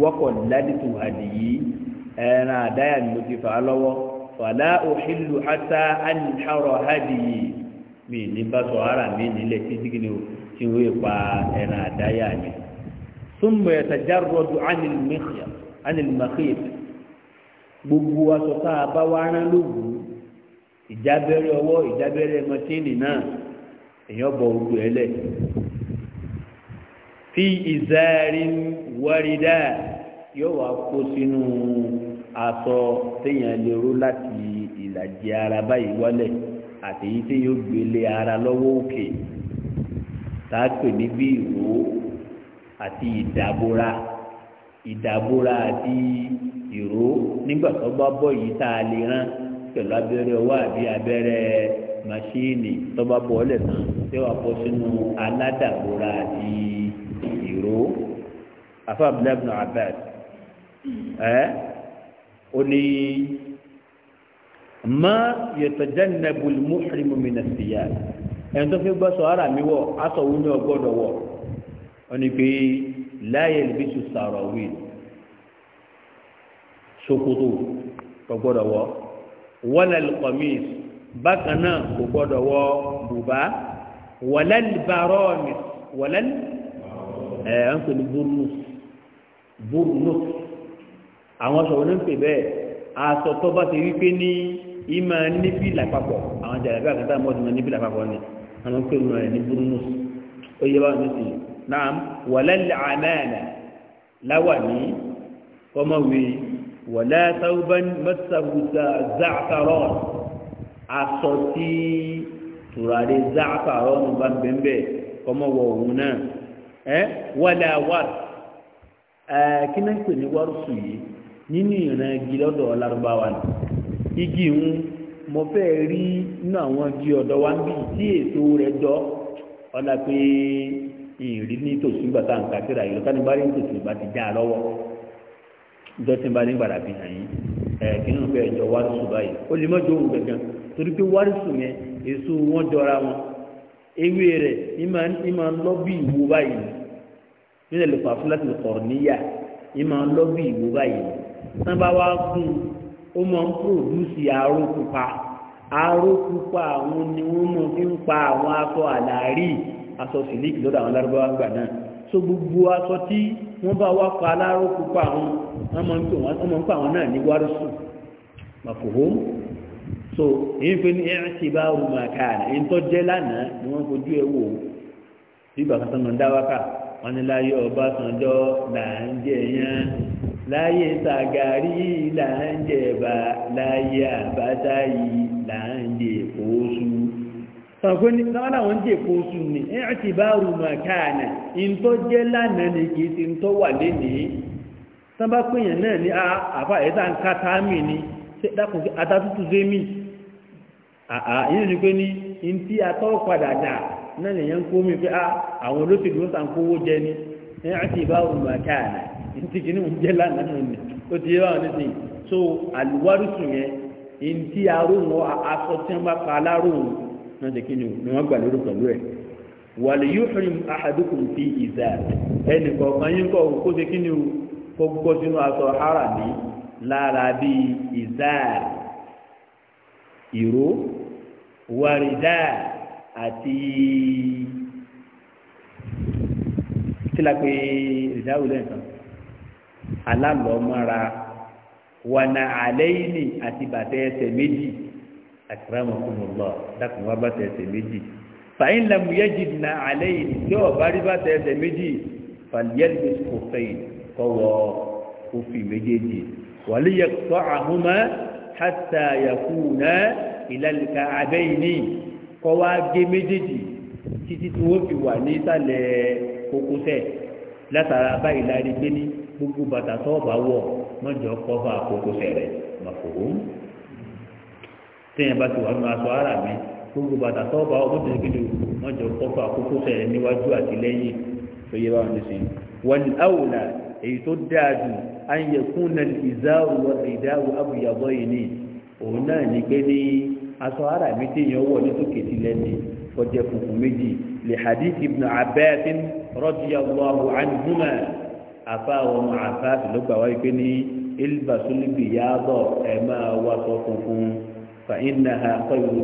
wọ́kọ̀ ládìtò àdìyí ẹran àdáyà ni mo ti fà á lọ́wọ́ fàlà òṣèlú ata ànìhàrọ̀ àdìyí mi ní bá sọ ara mi nílẹ̀ títí kí ni o tí wọ́n yẹ pa ẹran àdáyà mi. súnmọ̀ ẹ̀sàjárọ̀dù ánìlmẹ́kìyà gbogbo aṣọ tá a bá wá rán lóògùn ìjábẹ́rẹ́ ọwọ́ ìjábẹ́rẹ́ mọ́tíìnì náà èyàn bọ̀ gbogbo ẹ̀ fi ìzáàrí yóò wá kó sínú aṣọ téèyàn lè láti ìlàjì ara báyìí wálẹ̀ àtèyí tí yóò gbélé ara lọ́wọ́ òkè àti àti ìró nígbà pẹ̀lú abẹ́rẹ́ ọwọ́ àbí abẹ́rẹ́ màṣíìnì tọ́ba bọ́ ọlẹ̀ tán tí wàá bọ́ sínú aládàbòrà àti ìró afa abdullahi bin abed ẹ ó ní má yẹtọ̀jẹ́ nẹ́bùlì mùsùlùmí mi nà sí yá ẹni tó fi gbọ́ sọ ara mi wọ̀ aṣọ wo ni ọgbọ́dọ̀ wọ̀ ọ pé láyé libisu sàrọ̀ wí sokoto ọgbọ́dọ̀ wọ̀ wọlẹ̀lì kọ̀mís bákan náà kò gbọ́dọ̀ wọ bùbá wọlẹ̀lì barọ́ọ̀mì wọlẹ̀lì ẹ̀ ń pè ní burnus burnus àwọn aṣọ wọn ń pè bẹ́ẹ̀ aṣọ tó bá ti wípé ní ìmọ̀ níbí làpapọ̀ àwọn jàdàbí àkàtà mọ́tò náà níbí làpapọ̀ ni àwọn pè wọn ní burnus ó yẹ báwọn ní sìn náà wọlẹ̀lì àmẹ́ẹ̀nà láwà ní kọ́mọ̀wé wọ̀lá tàwọn mẹ́sàgùsà záàtàrọ̀ aṣọ tí tùràrí záàtàrọ̀ ń bá bẹ́ẹ̀ kọ́mọ wọ òun náà ẹ wọlé awar ẹ kí náà ń pè ní wárùsù yìí nínú ìran igi lọ́dọ̀ ọ̀làrúbáwá ni igi ń mo fẹ́ rí nínú àwọn igi ọ̀dọ́ wa ń bí tí èso rẹ̀ dọ́ ọ̀la pé ìrírí nítòsí gbàtà nǹkan síra ìlú tánibárí nítòsí gbàtà já lọ́wọ́ jọ́sìn bá nígbàdà fi hàn yín ẹ̀ẹ́dínú pé ẹ̀jọ̀ wárìsù báyìí ó lè mọ́jọ òun gangan torí pé wárìsù yẹn èso wọn jọra wọn ewé rẹ̀ ní máa ń lọ bí ìwo báyìí nílẹ̀ lè fà fún láti kọ̀ọ̀ níyà ní máa ń lọ bí ìwo báyìí tán bá wá gún ó máa ń pòdúsì aró pupa aró pupa àwọn ni wọ́n mọ̀ fi ń pa àwọn aṣọ àlàárí aṣọ sílíkì lọ́dọ̀ àwọn lárúbáwá gbà náà so gbogbo aṣọ tí wọ́n bá wá pa aláró pupa àwọn ọmọ ń pa àwọn náà ní wárúsù màkòhó so èyí fi ní ẹ̀rìn ti bá wù mà káàdì èyí tó jẹ́ lánàá ni wọ́n fojú ẹ̀ wò bíbà kan sọ̀nà dáwákà wọn ni láyé ọba sànjọ́ là ń jẹ yẹn láyé sàgárì là ń jẹba láyé àbátáyì là sọ̀gbọ́n ní sọ́wọ́n náà wọ́n jẹ́ kó sùn ní ẹ̀ẹ́tì bá rù mà káànà ìntọ́ jẹ́ lánàá ni kì í ti ntọ́ wà lénìí tán bá pèèyàn náà ní àfà ẹ̀dá ń ká táàmì ni dákùn sí atátútù zémì àà yìí ni pé ní ntí atọ́rọ̀ padà dà náà nìyẹn ń kó mi pé àwọn olóṣèlú ń sàn kówó jẹ ni ẹ̀ẹ́tì bá rù mà jẹ́ lánàá ó ti yẹ so yẹn tí náà ṣe kí ni wọ́n gbà lérò pẹ̀lú ẹ̀ wàlẹ̀ yóò fi àhàdùkùn fi ìzà ẹnì kọ̀ọ̀kan yín kọ̀ kó ṣe kí ni o kó gbọ́ sínú aṣọ ara ní lára bí ìzà ìró wàrídà àti tílápé ìdáwò lẹ́ǹkan alálọ́mọ́ra wànà àlẹ́yìn àti bàtẹ́ ẹsẹ̀ méjì àkìrámù fún ọlọ́ dákùn wá bá tẹ̀sẹ̀ méjì fàyín lamu yẹ́jì na alẹ́ yìí tí ọba rí bá tẹ̀sẹ̀ méjì fàlíyẹ́lì kò fẹ́yìn kọ́wọ́ òfin méjèèjì wàlíyẹ tọ́ àhúmọ́ hàtà yàkúnà ìlàlìkà abẹ́yìn ní kọ́wọ́ gé méjèèjì títí tí wọ́n fi wà ní sálẹ̀ kókósẹ̀ látara báyìí láàrin gbé ní gbogbo bàtà tọ́ọ̀bà wọ̀ téèyàn bá ti wà nínú aṣọ ara mi gbogbo bàtà tọ́ọ̀bà ọmọ tó ń gbé wọn jọ kọ́kọ́ àkókò sẹ̀ níwájú àti lẹ́yìn tó yẹ báwọn ti sìn wọn àwòlà èyí tó dáa jù àyè fún nà ìzáwò ìdáwò abùyàbọ̀ yìí ni òun náà ní pé ní aṣọ ara mi téèyàn wọ̀ ní sókè ti lẹ́ni kọjá funfun méjì lè hadith ibn abbas rọ́bìyàwó ànúmọ̀ afáwọn àfáàfin fàyínà ha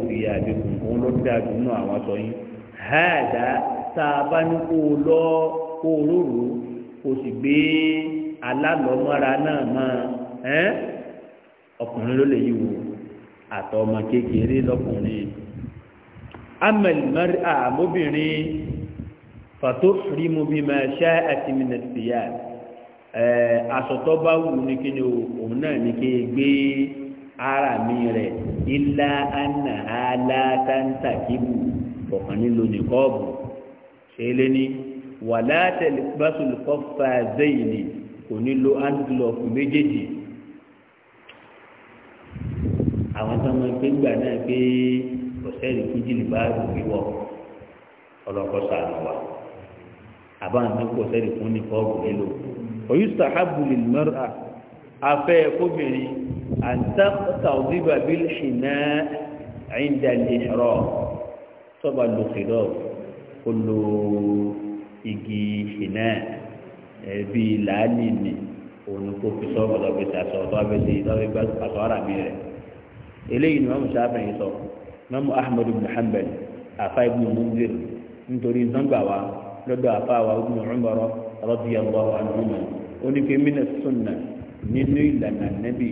fi àbíkùn òun ló dá dùnú àwọn aṣọ yín háàdá tá a bá o lọ kó o kó o sì gbé alálọ́mọ́ra náà mọ́ ẹ́ ọkùnrin ló lè yí ọmọ kékeré lọkùnrin amẹ̀lì àmóbìnrin fàtó rímu máa ẹ̀ asọ̀tọ́ bá wù ní kí ni ara mi rẹ̀ ilá anna alátàntàkìbù kọ̀ọ̀kan nílò nìkọ́ọ̀bù ṣe é lé ní wàlá tẹlifásùlùkọ́ fàzẹ́yìn ni kò nílò ángílọ̀fù méjèèjì àwọn tó máa ń pè gbà náà pé ọ̀sẹ́rì kújìlì bá wíwọ́ ọlọ́kọ́sọ àná wa àbáǹdé kò ọ̀sẹ́rì fún nìkọ́ọ̀bù nílò òyìnbó sàhábùlì mẹ́rà afẹ́ kóbìnrin àǹtàkùtàwùdìbò àbílẹ̀ṣì náà àyíǹdàlẹ̀ ẹ̀rọ tọ́ba lòkèdọ̀ kó lo igi ṣìnà ẹ̀bí làálì ni òun kò fi sọ́kọ̀ lọ́bẹ̀ sàṣọ tọ́bẹ̀ sí tọ́bẹ̀ gbà pàṣọ ara mi rẹ̀ eléyìí ni wọ́n mú sábẹ̀ yìí sọ mọ́mú ahmed ibn hanbal afa ibn munzir nítorí nọ́mbà wa lọ́dọ̀ afa wa ibn ọmọrọ rọ́bì yàgbọ́ àwọn ọmọ oníkèémínà sunna nínú ìlànà nẹ́bí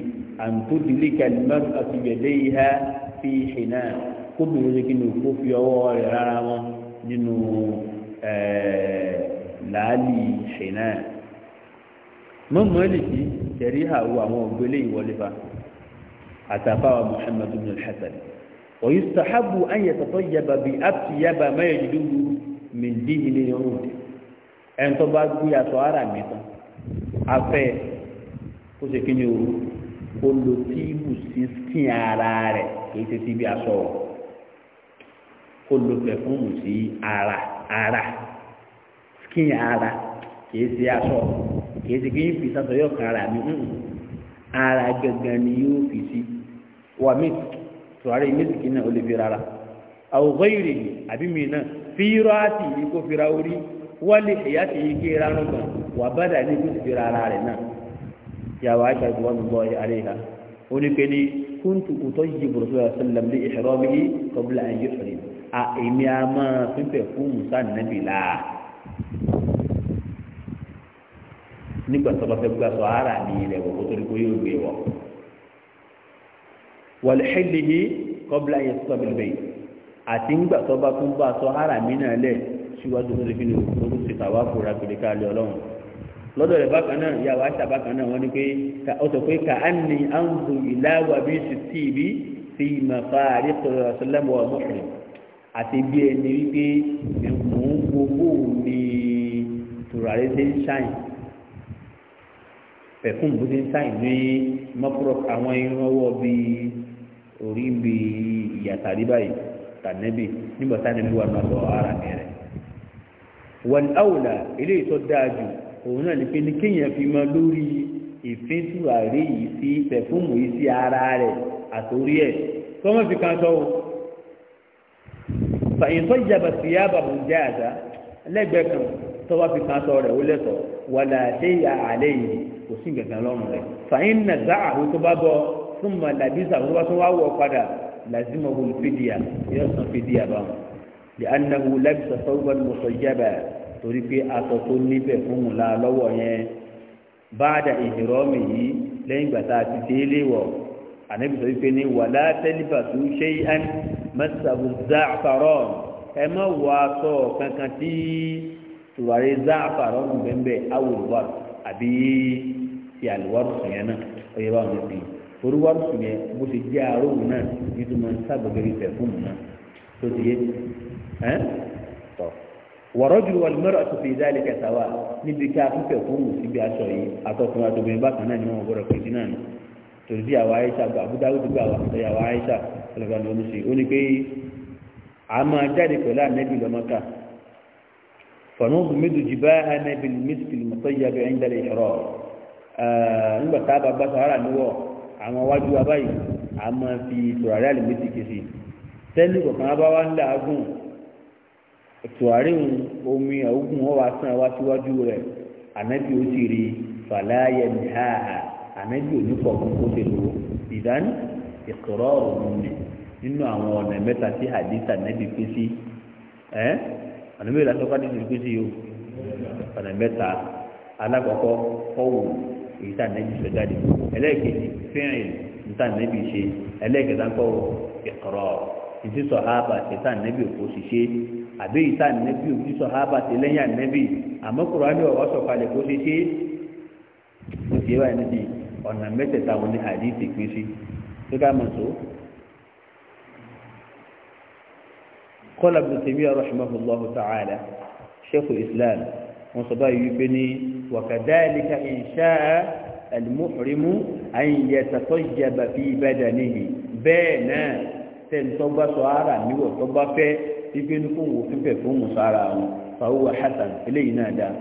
àǹtódìlé kalimẹ́rù àti gbẹ̀dẹ́ yìí ha fi hìnà kóbìnrin ní kíni òkú fi ọwọ́ rẹ̀ rárá wọn nínú làálì hìnà. mọ́mọ́lì sí tẹ̀rí àwọ àwọn ògbélé ìwọlé fa àtàfáwà muhammadu bin hasan wọ́n sàhábù ayẹ̀tọ̀tọ̀ yaba bí àti yaba mẹ́yẹ̀dúgbù mìndíhì ní ọrùn ẹ̀ ń tọ́ bá gbé aṣọ ara mi tán afẹ́ kó ṣe kí ni òru kó lo tíìbù sí skin ara rẹ̀ kìí ṣe tíìbù aṣọ o kó lo sí ara ara skin ara kìí ṣe aṣọ kìí ṣe kí n fi sasọ yọ kan ara mi ara gangan ni yóò fi sí wà mí tùwárí mísìkì náà ó lè fi rárá àwòkọ́ ìrìn àbí mi náà fi rọ́ọ̀tì yìí kó fi ra orí wọ́lé ìyá ti yí kí ra rúgbọ̀n wà bá dà ní kó fi ra ara rẹ̀ náà ìyàwó àṣà ìgbọ́n mi bọ́ àlẹ́ ìhà ó ní pé ní kúntù kùtọ́ yìí bùrọ̀sọ́ àṣàlẹ̀ ní ìṣòro mi yìí kọ́bílà ayé fèrè à èmi a máa fífẹ́ fún musa nàbì là nígbà tó bá fẹ́ gbà sọ ara ní ilẹ̀ wọ̀ kó torí kó yóò gbé wọ̀ wàlúhẹ́lì yìí kọ́bílà ayé sọ́bìlì bẹ́ẹ̀ àti ńgbà tó bá tún bá sọ ara mi náà lẹ̀ síwájú tó ti fi ní òkú tó ti tàwa fúra pèlè káàlì ọlọ́run lọ́dọ̀ rẹ̀ bákan náà ìyàwó àṣà bákan náà wọ́n ní pé ó sọ pé ká á ní à ń bu ìlàwà bí sùtì bí fi màfà àrí sọ̀rọ̀ sọlẹ́mù ọmọ rẹ̀ àti bí ẹni wípé mò gbogbo ní tùràrí ṣe ń ṣàyìn pẹ̀fún bó ṣe ń ṣàyìn ní mọ́kúrọ̀ àwọn irun ọwọ́ orí bíi ìyàtàrí báyìí tànẹ́bì nígbà tánẹ́bì wà náà ara mẹ́rẹ̀ wọ́n áwùlà eléyìí tó dáa jù òun náà ní pé ní kéèyàn fi mọ lórí ìfíntúràrí yìí sí pẹ̀fúmù yìí sí ara rẹ̀ àtòrí ẹ̀ tọ́mọ̀ fi kan sọ́wọ́ fàyìntọ́ ìjàmbá sí yábàbò jẹ́ àdá lẹ́gbẹ̀ẹ́ kan tọ́wọ́ fi kan sọ rẹ̀ ó lẹ́sọ̀ wàlà àdéhà àlẹ́ yìí kò sí gàgán lọ́rùn rẹ̀ fàyìn nà dá àwọn tó bá bọ́ fún mà làbísà tó bá tún wá wọ̀ padà làzímọ̀ wọlé fìdíà yóò san fìdíà bá wọn lè anahu lábísà sọ́wọ́ torí pé aṣọ tó níbẹ̀ fún un la lọ́wọ́ yẹn báàdà ìhìrọ́mì yìí lẹ́yìn ìgbà tá a ti délé wọ̀ ànábì sọ wípé ní wàlá tẹ́lifàtú ṣé ẹn mẹ́sàbù záàfàrọ̀ ẹ má wọ aṣọ kankan tí tùwárí záàfàrọ̀ ń bẹ́ńbẹ́ awòlùwà àbí ti àlùwárù sùn yẹn náà ó yẹ báwọn ní sìn torúwárù sùn yẹn bó ṣe jẹ́ àròhùn náà nítorí wọn sábà bẹ̀rẹ̀ fẹ̀ fún un náà tó ti yé ẹ́ wọ̀rọ̀jù wà lọ́rọ̀ tó fi dáàlì kẹta wa níbi ká fífẹ̀ fún wù síbi aṣọ yìí atọ́kùnrin àtòbìnrin bákan náà ni wọ́n gbọ́dọ̀ pèsè náà ni tòun bí àwa aisha gba àbúdá ó ti gba àwọn àtẹ̀yàwó aisha ọlọ́gbà ni wọ́n ṣe ó ní pé a máa jáde pẹ̀lú ànẹ́bí lọ́mọ́ta fọ̀nùkù méjì jì bá ànẹ́bí mísìkìlì mọ̀tọ́yàbẹ̀ ẹ̀ ń dálé ìṣọ̀rọ̀ nígbà tá a bá bá sahara níwọ̀ àwọn wájú wa báyìí a máa fi tòràrí àlè méjì kìsì tẹ́lẹ̀ kọ̀ọ̀kan bá wá ń làágùn tùwárí omi ògùn wọn wá sàn wá síwájú rẹ ànábì ó sì rí fàlàyé nìhà ànábì ò ní kọ̀ọ̀kan kó ṣe lò ìdán ìkọ̀rọ̀ ọ̀rùn mi nínú àwọn ọ̀nà mẹ́ta sí hadith ànábì pín sí ẹ́ ànábì ìlàsọ́kọ́ àdìsí pín sí o ọ̀nà mẹ́ta alákọ̀ọ́kọ́ ọ̀wù èyí tá ànábì sọ jáde ẹlẹ́ẹ̀kejì fíìn níta ànábì ṣe ẹlẹ́ẹ̀kẹta kọ́ ìkọ̀rọ̀ ìdí sọ̀hábà èyí tá ànábì òkú ṣiṣẹ́ àbí ìta nẹ́bí òbí sọ̀hábà ti lẹ́yìn ànẹ́bí àmọ́ kùránì ọ̀wọ́ sọ̀kalẹ̀ kó ṣe ṣe ó ti wáyé níbi ọ̀nà mẹ́tẹ̀ẹ̀ta wọn ní àdìsí pín sí tó ká mọ̀ tó. kọ́lá bí tèmi arọ́ṣùmọ́fọ́lọ́hù tààlà ṣẹ́kù islam wọn sọ báyìí wípé ní wàkàdáàlìkà ìṣá àlùmọ́fọ́rímù àyìnyẹ̀tàtọ́ ìjàbà fi ìbàdàn níhì bẹ́ẹ̀ náà tẹ̀ntọ́ ipe ní kó wò fífẹ̀ fún mu sára wọn fàwọ́ hasan eléyìí náà dáa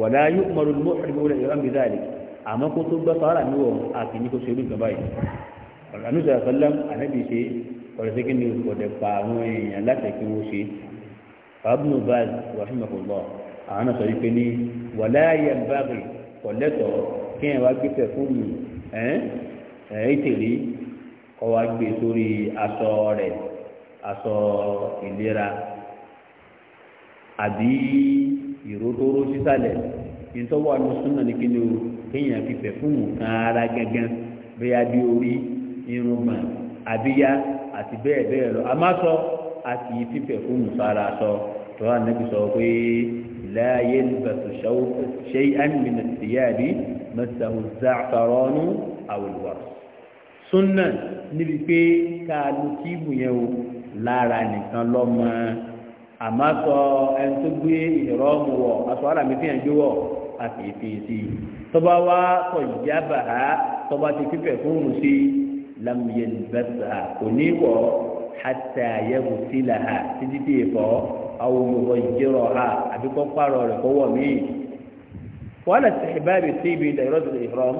wàlá yóò mọ̀rún mọ́ ìrìnwó ìrọ̀ mi dáàlì àmọ́ kó tó gbọ́ sára mi wọ̀ àti ní kó ṣe orí ìjọba yìí ọ̀rọ̀ àmì sọ̀rọ̀ sọ́lá ànábì ṣe ọ̀rọ̀ sí kí ni òkòdè pa àwọn èèyàn láti kí wọ́n ṣe fàbùnú báyìí wàhímọ̀kùnbọ̀ àwọn náà sọ wípé ní wàlá yẹ báàgì kọ̀lẹ́tọ̀ kí ẹ̀ wá gbé fẹ̀ fún mi ẹ̀ ẹ̀ ìtìrí kọ́ wá gbé sórí aṣọ rẹ̀ aṣọ ìlera àbí ìrótóró sísàlẹ̀ nítorí wà ní súnà ní kíni o kéèyàn fi pẹ̀fúmù kan ara gángan bóyá bí orí irun gbọ̀n àbíyá àti bẹ́ẹ̀ bẹ́ẹ̀ lọ àmọ́ sọ a kì í fi pẹ̀fúmù sára sọ tọ́wọ́ ànábì sọ pé láàyè lùbàtù ṣe àmìnà tìyàbí mẹsàmù zàtàrọ́nù àwòlùwà súnà níbi pé káàdùn kíìbù yẹn o lára nìkan lọ́mọ àmọ́ sọ ẹni tó gbé ìrọ́mù wọ̀ aṣọ ara mi fi hàn jó wọ̀ a kì í fi sí i tọ́ba wá kọ̀ ìjábà á tọ́ba ti fífẹ̀ fóònù sí i lámúyẹ bẹ́sà kò ní wọ̀ hàtà yẹ̀wò sílà ha títí tí ì fọ́ àwọn olùkọ́ ìjẹ́rọ̀ ha àbíkọ́ pààrọ̀ rẹ̀ kọ́ wọ̀ míì wàhálà sèhìbáàbì sí ibi ìdàgbọ́ ti ìrọ́m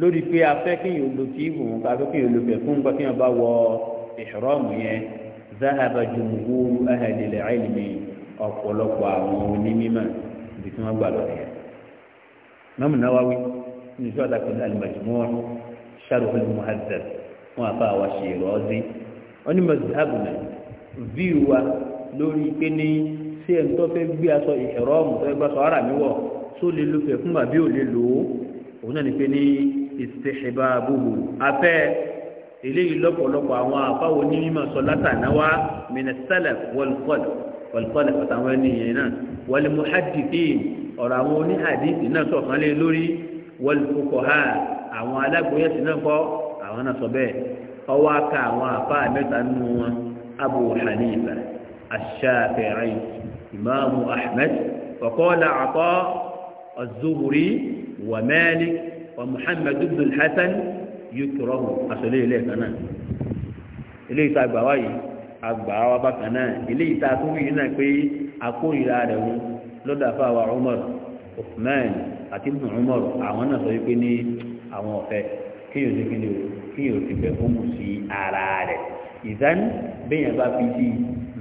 lórí pé afẹ́ kí yòó lo tí ìwòǹkà afẹ́ kí yòó lo zahaba jumhuru ahadil ilmi ọ̀pọ̀lọpọ̀ àwọn onímọ̀ ibi tí wọ́n gbà lọ rẹ̀. mọ́mù náwáwí ní ìṣọ́ àtàkùn alimajumọ́ sharuhu muhazzab wọn àfa àwa ṣe rọ́ọ̀dí wọ́n ní mazhabu náà víu wa lórí pé ní sí ẹni tó gbé aṣọ ìṣẹ̀rọ ọ̀mù tó gbà ara mi wọ̀ tó lè lò fún bàbí ò lè lò ó òun náà ní pé ní ìṣèṣèbá eléyìí lọ́pọ̀lọpọ̀ àwọn àfáwo ní mímọ̀ sọ látànáwá mìnẹsẹ̀lẹ̀ wọlùkọ́lù wọlùkọ́lù àtàwọn ènìyàn náà wọlùmùhàdìdì ọ̀rọ̀ àwọn oníhàdìdì náà sọ̀kan lé lórí wọlùkọ́kọ̀ ha àwọn alágbóyẹ̀sì náà kọ́ àwọn náà sọ bẹ́ẹ̀ ọwọ́ aka àwọn àfá mẹ́ta nínú wọn abu hanifa aṣáfẹ̀rẹ̀ imaamu ahmed kọ́kọ́lá àkọ́ azuhuri wa malik wa yóò tọrọ wò aṣọlẹ ilé ẹ̀ka náà eléyìí tá a gbà wá yìí a gbà wá bákan náà eléyìí tá a tún wíyìn náà pé akóyìnra rẹ̀ wọn lọ́dọ̀ àfa wa umar usman àti ibn umar àwọn náà sọ wípé ní àwọn ọ̀fẹ́ kéèyàn ti kéde o kéèyàn ti fẹ́ fún un sí ara rẹ̀ ìdán bẹ́yẹn bá fi sí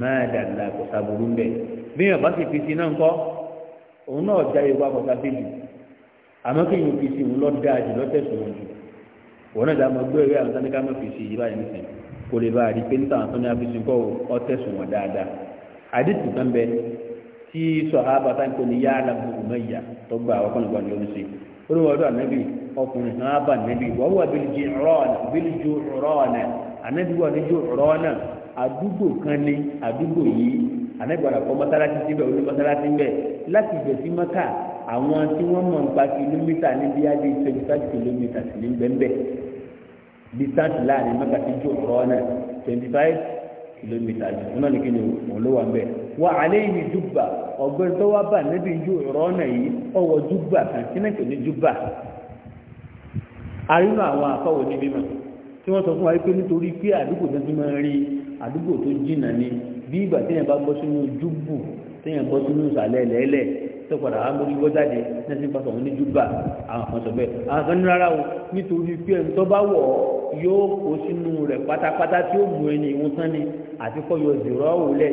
máa dàgbà kò sábòrú ń bẹ̀ bá sì fi sí náà ń òun náà já ewu àkọsáfẹ́ jù àmọ́ kéèyàn fi lọ́ọ́ dáa jù lọ́tẹ̀sùn òun jù wọn náà dáa mọ gbé ẹ̀rí àwọn sáníkà máa fi ṣe yìí báyìí nìsín kò lè bá a rí pé níta àwọn sọ́ni abisi kọ́ ọ tẹ̀sùn wọn dáadáa àdìsí kan bẹ tí sọ̀hábà táǹkò ní yára bu umayya tó gba àwọn kan gbọ́dọ̀ lóṣù ó ní wọ́n dọ̀ ànábì ọkùnrin kan á bà ànábì wọ́n wà bílíjì rọ́ọ̀nà bílíjì rọ́ọ̀nà ànábì wà níjì rọ́ọ̀nà àdúgbò kan ní àdúgbò yìí ànábì wà àwọn tí wọ́n mọ̀ nípa kìlómítà níbi adé twenty five kìlómítà ní bẹ́ẹ̀ distance láàrin mẹ́ta jù ọ̀rọ̀ náà twenty five kìlómítà ni wọn náà ní kí ni òun ló wà ń bẹ wà alẹ́ yìí ní júbà ọgbẹ́ tó wá bà níbi jù ọ̀rọ̀ náà yìí ọwọ́ júbà kan kí náà kò ní júbà arínú àwọn afọwọ́ níbí mọ̀ tí wọ́n sọ fún wa pé nítorí pé àdúgbò tó ti máa rí àdúgbò tó jìnnà ni bí ìgbà téèyàn bá bọ́ sínú júbù téèyàn bọ́ sínú ìsàlẹ̀ lẹ́lẹ̀ tó padà wá mórí bọ́ jáde náà sì ń pàṣẹ òun ní júbà àwọn kan sọ àwọn ní rárá o nítorí pé ẹni tó bá wọ̀ yóò kó sínú rẹ̀ pátápátá tí ó mú ẹni ìwọ̀n ni àti kọ́yọ zèrò ọ̀wọ́lẹ̀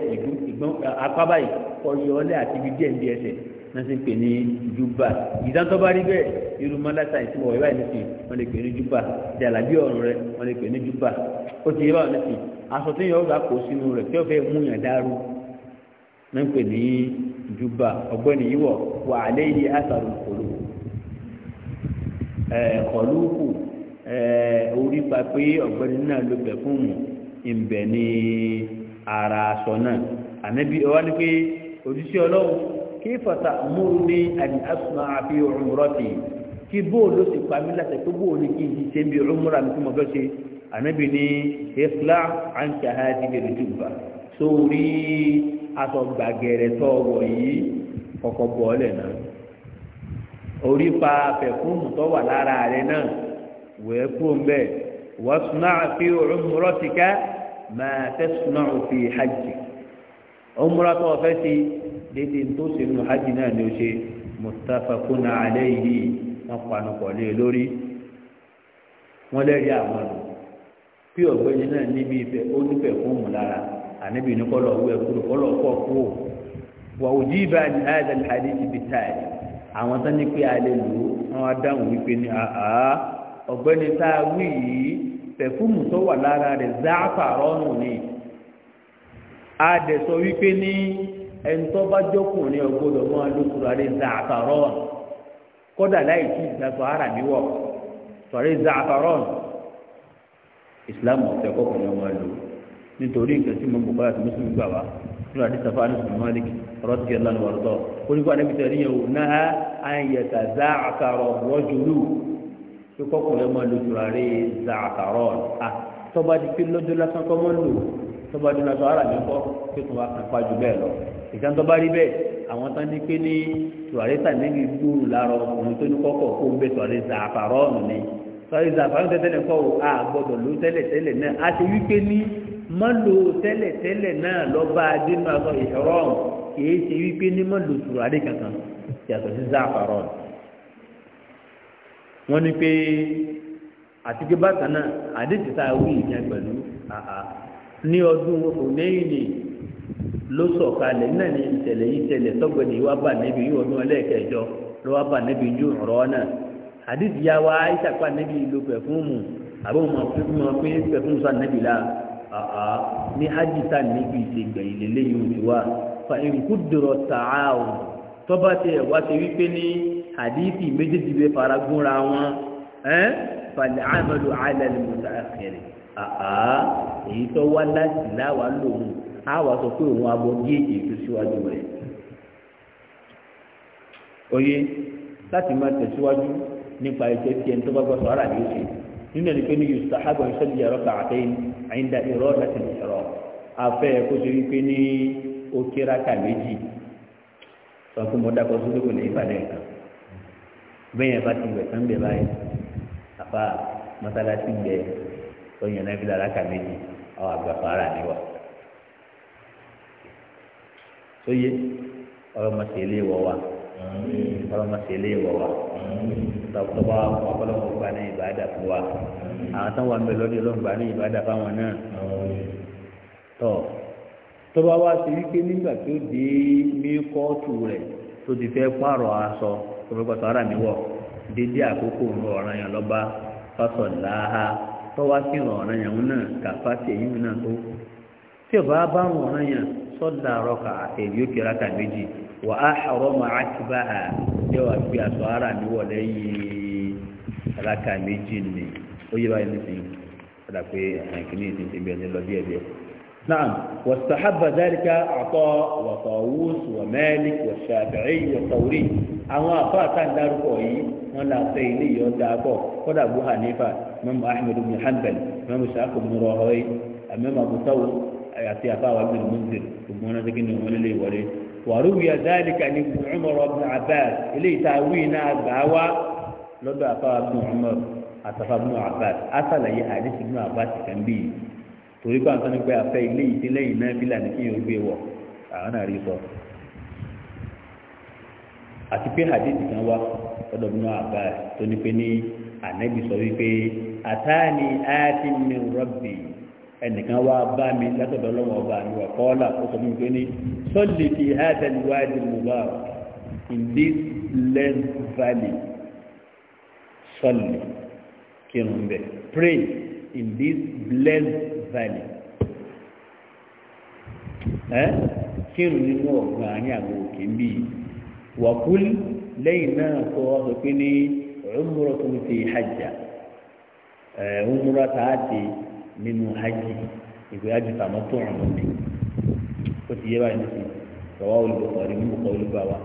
ìgbọ́n apá báyìí kọ́yọ ọ̀lẹ̀ àti ibi díẹ̀ ní ẹsẹ̀ náà sì ń pè ní júbà ìdán tó bá rí bẹ́ẹ̀ irú mọ́lásà ìsinmi ọ̀yọ́ àìníṣin wọ́n lè pè ní júbà jàlábí ọ̀rùn rẹ̀ wọ́n lè pè ní júbà ó ti yẹ báwọn níṣin aṣọ tí yọ̀ọ́ gbà na ń pè juba jùbà ọgbẹ́ni yíwọ̀ wà léyìí àtàrò kòló kọlùkù orí pa pé ọgbẹ́ni náà ara aṣọ anabi ànábi ọwọ́ ni pé òjísé fata múru ní àdìsásùnà àfi òmùrọ́tì kí bóòlù sì pa mí ha ti aṣọ gbàgẹ̀rẹ̀ tó yìí kọ́kọ́ bọ́ ọ lẹ̀ náà orí pa pẹ̀fúmù tó wà lára náà wẹ̀ kúrò ń bẹ̀ wọ́n súná fi umratika máa fi hajj umra tó fẹ́ ti dédé tó ṣe hajj náà ni ó ṣe muttafaqun alayhi wọ́n lé e lórí wọ́n lẹ́rìí àwọn ọ̀gbẹ́ni náà níbi ìfẹ́ ó lára. ànábì ní kọ́lọ̀ wú ẹ̀kúrò kọ́lọ̀ kọ́ kú ò wà òjì ìbá ní àyàdàlì àdéjì bí táàdì àwọn tán ní pé alẹ́ lò ó wọn á dáhùn wípé ní àá ọ̀gbẹ́ni tá a wí yìí pẹ̀fúmù tó wà lára rẹ̀ záfà rọ́nù ni a dẹ̀ sọ wípé ní ẹni tó bá jọ́kùnrin ọgbọ́dọ̀ mọ́ alókùnrin rẹ̀ záfà rọ́nù kódà láì tí ìgbàsọ ara mi wọ̀ sọ̀rọ̀ záfà rọ́nù ìsìlámù ọ̀fẹ́ kọ́kùnrin ọmọ ẹ̀ nítorí nǹkan tí mo ń bọ̀kọ́ láti mùsùlùmí gbà wá nínú àti sàfà ní sùnmọ́ malik rọ́tìkì lánàá wàrúdọ̀ onígbà níbi tẹ̀lé yẹn o náà àyẹ̀kà zá àkàrọ̀ rọ́jòlù tó kọ́kùnrin máa lo turare zá àkàrọ̀ à tọ́ba di pé lọ́jọ́ lásán kọ́ mọ́ lò tọ́ba di lọ́jọ́ ara mi kọ́ tó tún wá kàn pa jù bẹ́ẹ̀ lọ ìtàn tọ́ba rí bẹ́ẹ̀ àwọn tán ní pé ní turare tà níbi gbòòrò lára ọkùnrin tó ní kọ́kọ̀ kó ń bẹ turare zá àkàrọ̀ ọ̀nù ni turare zá àkàrọ̀ tẹ́tẹ́lẹ̀ kọ́ o àgbọ̀dọ̀ ló tẹ́lẹ̀ tẹ́lẹ̀ náà àti wípé ní mọ́lò tẹ́lẹ̀tẹ́lẹ̀ náà lọ́ba adínú àwọn ìṣọ́rọ́ọ̀mù kìí ṣe wípé ní mọ́lò tùràdé kankan yàtọ̀ sí záfàrọ̀ wọ́n ní pé àti pé náà àdéhùn tá a wí ìyẹn pẹ̀lú ní ọdún ònẹ́yìnì ló sọ̀kalẹ̀ náà ní ìṣẹ̀lẹ̀ yìí ṣẹlẹ̀ wá bà níbi yìí ọdún ọlẹ́ẹ̀kẹjọ ló wá bà níbi ju ọ̀rọ̀ náà ti wa níbi ìlú àhà ní hajjita níbi ìṣègbè ìlélẹ́ yìí ti wá fa ìkúdùrọ̀ tààwù tọ́ba tẹ wá ṣe wípé ní hadithi méjèèjì bẹ fara gúnra wọn ẹ́n falẹ̀ àmàlù àlàlù mọ̀tà àkẹrẹ àhà èyí tó wá láti láwa lòun á wà sọ pé òun abọ́ géèjì tó síwájú rẹ̀ oyè láti máa tẹ̀síwájú nípa ìṣẹ́ tiẹ̀ tó bá gbọ́ ara yóò ṣe nínú ẹni pé ní yusuf ahagbọn yusuf yàrá kàtẹ àyìndà ìrọ láti lè sọrọ afẹ kó ṣe wípé ní ó kéra ká méjì sọ pé mo dákọ sódò kò ní ìpàdé nǹkan bẹ́ẹ̀ yẹn bá ti wẹ̀ tán báyìí àfa mọ́sálásí gbẹ oyin náà fi lára ká méjì àwọn àgbàfàrà níwà sóye ọlọmọsí ilé ìwọ wa ọlọmọsí ilé ìwọ wa. tọbaawa ọ̀pọ̀lọpọ̀ gba ní ìbáàdà fún wa àwọn tó wà bẹ lọ́dí gba ní fáwọn náà tọ́ tọ́ba wa ṣe wípé nígbà tó dé míkọ́ọ̀tù rẹ̀ tó ti fẹ́ pààrọ̀ aṣọ tọ́pẹ́pẹ́tọ́ ara mi wọ̀ dédé àkókò ọ̀ràn yẹn lọ́ba fásọ̀ wà á àrọ́mọ àtibáhà yóò wá fi aṣọ ara mi wọ̀ lẹ́yìn alaka méjì ni ó yẹ báyìí nísìnyí padà pé àkíní ìsìn ti bẹ̀rẹ̀ lọ bí ẹ̀bẹ̀. náà wàsàhábà dárìkà àtọ wàtọ̀wùs wàmẹ́lì wàṣàbẹ̀rẹ̀ wàtọ̀wùrì àwọn àbá àtàndárúkọ yìí wọn là fẹ́ ilé yọ̀ dàbọ̀ kọ́dà bú hanifa mọ́mú ahmed ibn hanbal mọ́mú sàkó mọ́rọ̀ ọ̀hẹ́ àmẹ́mọ́ àti àbáwá ibn munzir وروي ذلك عن ابن عمر وابن عباس إليه تاوينا دعوى لدى أفا ابن عمر أتفا ابن عباس أصل أي حديث ابن عباس كان به torí kó àtúntò pé afẹ́ ilé ìdílé iná bílà ní kí yóò a wọ̀ àwọn àrí sọ àti pé hadith kan wá ọdọ̀ bí wọn àbá tó ní pé ní ànábì ẹnìkan wá bá mi látọ̀dọ̀ lọ́wọ́ ọba mi wà kọ́ọ́lá ó sọ fún mi pé ní sọ́ọ̀lì fi hàtẹ́lì wáàdì mubarak in this land valley sọ́ọ̀lì kírun bẹ́ẹ̀ pray in this blessed valley ẹ kírun nínú ọ̀gbìn àárín àwọn òkè ń bí wàkúl lẹ́yìn náà kọ́ ọ pé ní ọ̀rọ̀ mọ́ra tó ń fi hajj ẹ̀ ń múra tá nínú hajj ìgbé hajj tàmọ́ tó hàn lóde ó ti yé báyìí nísìnyí rọwá olùbọ̀kọ̀rí mú kọ́ olùbáwa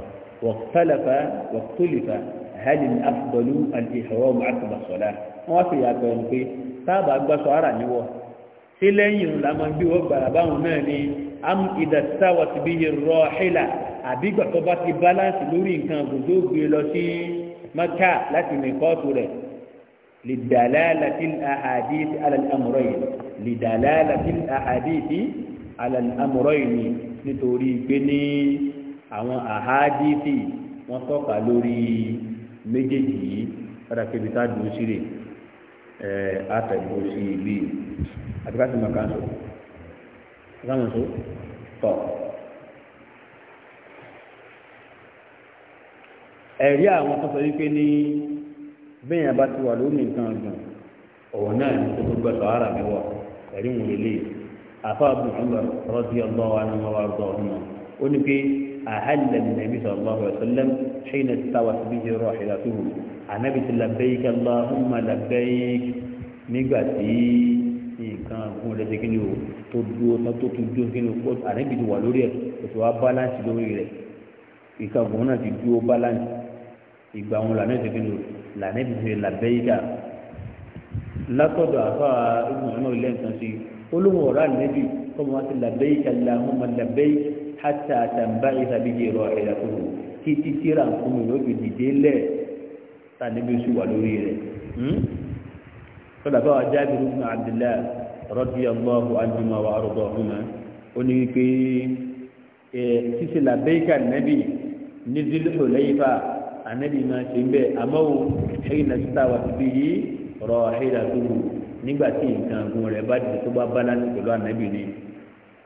wọ́pẹ́lẹ́fà wọ́pẹ́lẹ́fà hali ni afudọlu àti ìṣòro ọmọ àtúbàṣọlá wọn fi yàtọ̀ ẹni pé sáàbà gbàṣọ ara níwọ̀ sí lẹ́yìn ìrùn làmọ́ bí wọ́n gbàrà báwọn náà ni am ìdàtàwà ti bí yẹ rọ ṣẹlà àbí gbàtọ́ bá ti báláǹsì lórí nǹkan gòdó gbé lọ sí mẹ́kà láti mẹ́kọ́ọ̀tù rẹ̀ لدلالة الأحاديث على الأمرين لدلالة الأحاديث على الأمرين nítorí pé ní àwọn àhádìsì wọn tọ́ka lórí méjèèjì yìí padà kébi tá a dùn sí rè ẹ àtẹ̀gbọ́ sí ibi àtìkásí màkà ń sọ sáwọn sọ tọ. ẹ̀rí àwọn tó sọ wípé ní bẹ́ẹ̀ bá ti wà lórí nǹkan ọ̀gbìn ọ̀wọ̀ náà ní kókó gbẹ sọ̀hárà mi wọ̀ ẹ̀rí wọn lè lè àfa abu ọmọ rọ́bì ọlọ́wọ́ anáwó ọ̀dọ́ ọ̀hún ó ní pé àhálẹ̀ nàbí sọ̀rọ̀ ọ̀sọ̀lẹ́m ṣẹ́yìn náà ti táwa sí bí jẹ́rọ àṣìlátúhù ànábì ti làbẹ́yì kẹlá ọmọ làbẹ́yì nígbà tí nǹkan ọ̀gbìn rẹ̀ ṣe kíni o tó dúró tó tún dúró kíni o ànábì ti wà lórí ẹ̀ òṣù wa báláǹsì lórí rẹ̀ nǹkan náà ti dúró báláǹsì ìgbà wọn làná ìṣèkíni o lànà ìbùsùn ìlà bẹ́yìgà látọ̀dọ̀ àfa ìgbìmọ̀ náà ilé nǹkan sí olóhùn ọ̀rọ̀ àlẹ́bí kọ́mọ wá sí làbẹ́yìgà làhùnmọ̀ làbẹ́yì hàtà àtàǹbá ìsàbí yẹ rọ ẹ̀yà tó wù kí títí ra nǹkan mi ló fi dìde lẹ̀ tá níbi sùn wà lórí rẹ̀ tọ́lá hmm? bá wa jáde rúbùn àbdìlá rọ́bì ọlọ́hu àjùmọ̀ wà ọ̀rọ̀dọ̀ ọ̀húnmọ́ ó ní wípé ṣíṣe anabi máa ṣe ń bẹ àmọ́ o ẹ̀yìn náà títà wà síbi yìí rọ ẹ̀yìn àtúwò nígbà tí nǹkan gun rẹ̀ bá dìde tó bá bá láti pẹ̀lú anabi ni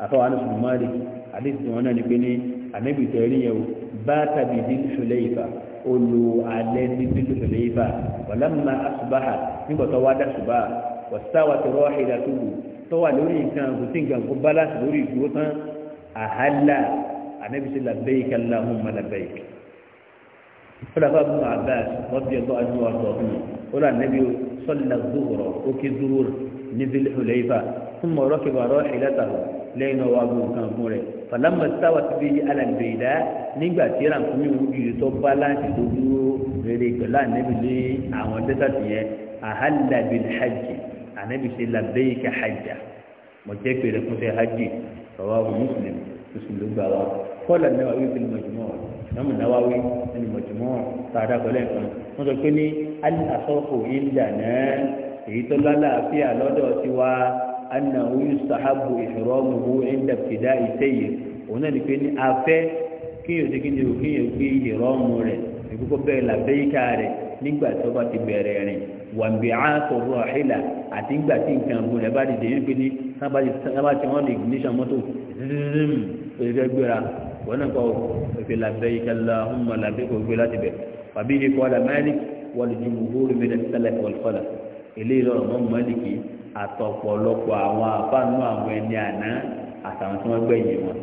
àfọwọ́ anusùn mọ́lì àdéhùn wọn náà ni pé ní anabi tẹ̀rí yẹn o bá tàbí dín ṣọlẹ̀ ìfà olu alẹ́ dín ṣọlẹ̀ ìfà wàlámà àṣùbáhà nígbà tó wá dá ṣùbáhà wàsáwà tó rọ ẹ̀yìn àtúwò tó wà lórí nǹkan kò sí nǹkan kó bá láti lórí ìdúró tán àhálà anabi ṣe làbẹ́yìí kálá hùmà làbẹ́yìí fúlàfà fún abbas rọ́bì ọ̀tọ́ àdúrà ọ̀tọ̀ fún mi ó rà nẹ́bí sọ́lá zuhùrọ̀ ókè zuhùr níbi ìlẹ́fà fún mọ̀ rọ́kì wà rọ́ ìlẹ́tàwọ̀ lẹ́yìn ọwọ́ agbó nǹkan fún rẹ̀ fàlámà sáwà ti fi alàgbè dá nígbà tí ràǹkúmí wújúri tó bá láti tó dúró rere pẹ̀lú ànẹ́bí lé àwọn dẹ́sàtì yẹn àhàlàbí hajj ànẹ́bí ṣe làbẹ́yì ká hajj mọ̀ jẹ́ fún fẹ́ hajj rọ̀wá mùsùlùmí mùsùlùmí gbà wá kọ́lá náà wí fi mọ̀jùmọ́ ìmọ̀mù náà wáwí ẹni mọ̀jùmọ́ tààdà pẹ̀lú ẹ̀kan wọ́n sọ pé ní alásọ́kò ìlà náà èyí tó lálàáfíà lọ́dọ̀ ti wá anna oyin sahabu ìṣòrọ́mù hu ẹ̀ńdà fìdá ìṣẹ́yẹ òun náà ni pé ní afẹ́ kíyàn ti kí ni o kíyàn gbé ìṣòrọ́mù rẹ̀ ìkókó bẹ́ẹ̀ làbẹ́yíká rẹ̀ nígbà tó bá ti bẹ̀rẹ̀ rìn wàǹbì àtọ̀rọ̀ àhílà àti ńgbà tí nǹkan ọ̀gbìn rẹ̀ bá dìde yín pé ní sábà tí wọ́n lè ignition mọ́tò zzzm wọn náà kọ́ òfin làbẹ́ yìí kálá ọmọ làbẹ́ kò gbé láti bẹ̀ fàbí yìí kọ́ ọ̀dà malik wọ́n ju gbogbo mi lẹ́sẹ̀ tẹ́lẹ̀ kọ́lá eléyìí lọ́rọ̀ mọ́ maliki àtọ̀pọ̀lọpọ̀ àwọn àbánú àwọn ẹni àná àtàwọn tí wọ́n gbẹ̀yìn wọn.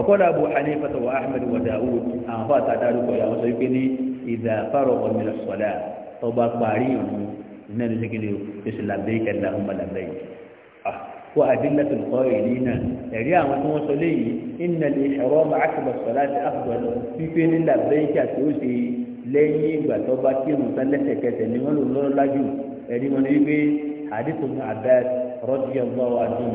ọ̀kọ́dà abu hanifa tó wà ahmed wa dawud àwọn fún àtàdárúkọ yà wọ́n sọ wípé ní ìdá fárọ̀ ọ̀mìnà sọ̀lá tó bá parí ìrùn nínú ẹni tó kéde oṣù làbẹ́yìí kẹ́lá ọmọ làbẹ́yìí. Ah, wa adillat al-qailina ẹ̀rí àwọn tí wọ́n sọ léyìí inna al-ihram akba as-salati afdal fífẹ́ ní labẹ́yìí àti ó ṣe lẹ́yìn ìgbà tó bá kírun tán lẹ́sẹ̀kẹsẹ̀ ni wọ́n lò lọ́rọ́ lájú ẹ̀rí wọn ni wípé àdìsùn àbẹ́t rọ́jì ọgbà wa dùn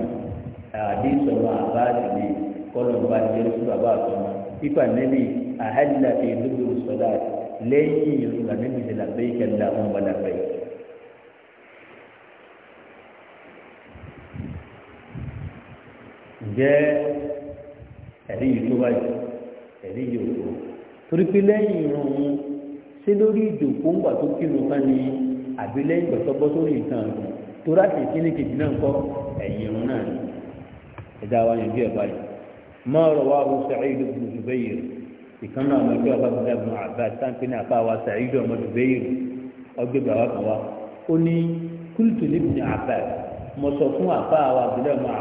àdìsùn àbẹ́t ni kọ́lọ̀ bá jẹ́ lóṣù bàbá àtọ́mọ́ pípa nẹ́bí àhẹ́lẹ́ àti ìlú lẹ́yìn ìrùlà nẹ́bí ìdílà bẹ́ẹ̀ kẹ́lá ọ̀nbàdàbẹ́ẹ̀. jẹ́ ẹ̀rí yìí tó báyìí ẹ̀rí yìí ò tó torí lẹ́yìn irun òun ṣé lórí ìdòkó tó ni àbí sórí nǹkan tó láti kejì náà irun náà ni wa yẹn bí báyìí wá ìkan náà sáńpé ní apá wa sa'id bàbá kan wa ó ní kúlùtù níbi ní sọ fún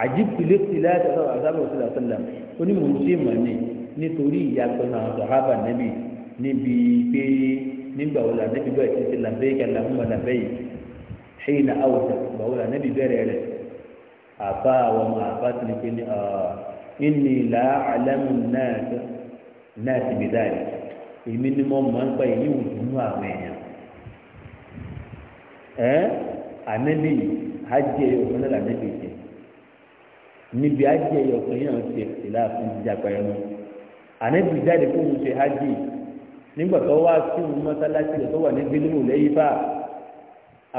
àjíbù lẹ́sìn láti ọ̀sán àzábọ̀ sílẹ̀ sílẹ̀ ó ní mò ń ṣe mọ̀ ni nítorí ìyàgbọ́n àwọn sọ̀hábà nẹ́bì níbi pé nígbà wo la nẹ́bì bẹ́ẹ̀ ti ṣe làbẹ́yì kà làmúmà làbẹ́yì ṣéyìn náà àwòsà ìgbà wo la nẹ́bì bẹ̀rẹ̀ rẹ̀ àbá àwọn ọmọ àbá ti ní pé ní ìní ìlà àlẹ́mù náà ti bì dáì èmi ni mo máa ń pa èyí wò dùnú àwọn èèyàn ẹ́ ànẹ́bì hajj níbi ájì ẹyọ kan yẹn ti ẹsẹ láàfin jíjà pẹ̀lú wọn ànábì jáde fún òun ṣe ájì nígbà tó wá sí òun mọ́sálásí rẹ̀ tó wà ní bílíwò lẹ́yìn fà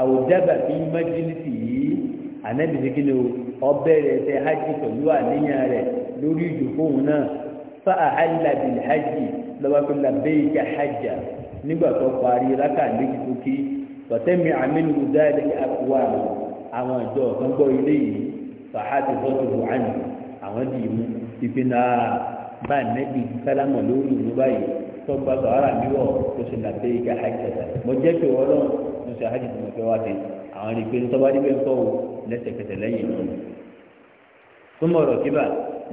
àwùjábà bí májèlítì yìí ànábì ṣe kíni o ọbẹ̀ rẹ̀ ṣe ájì pẹ̀lú àníyàn rẹ̀ lórí ìdòkó òun náà fa àhálà bìlì lọ́wọ́ pé làbẹ́yìká ájà nígbà tó parí rákà méjì kí wọ́tẹ́mi àmínú dáadé àkúwà àwọn ìjọ kan ilé yìí fàhádì bọ́tùbù àná àwọn dì í mú ibi náà bá nẹ́bí sálámà lórí ìlú báyìí tó gba sọ̀hárà níwọ̀ tó ṣe làbẹ́ ìka àìsàdà mo jẹ́ pé wọ́n lọ́n mo ṣe àhájì tó mo fẹ́ wá sí àwọn rí i pé tọ́ba níbẹ̀ ń kọ́ o lẹ́sẹ̀kẹsẹ̀ lẹ́yìn náà súnmọ́ ọ̀rọ̀ kíbà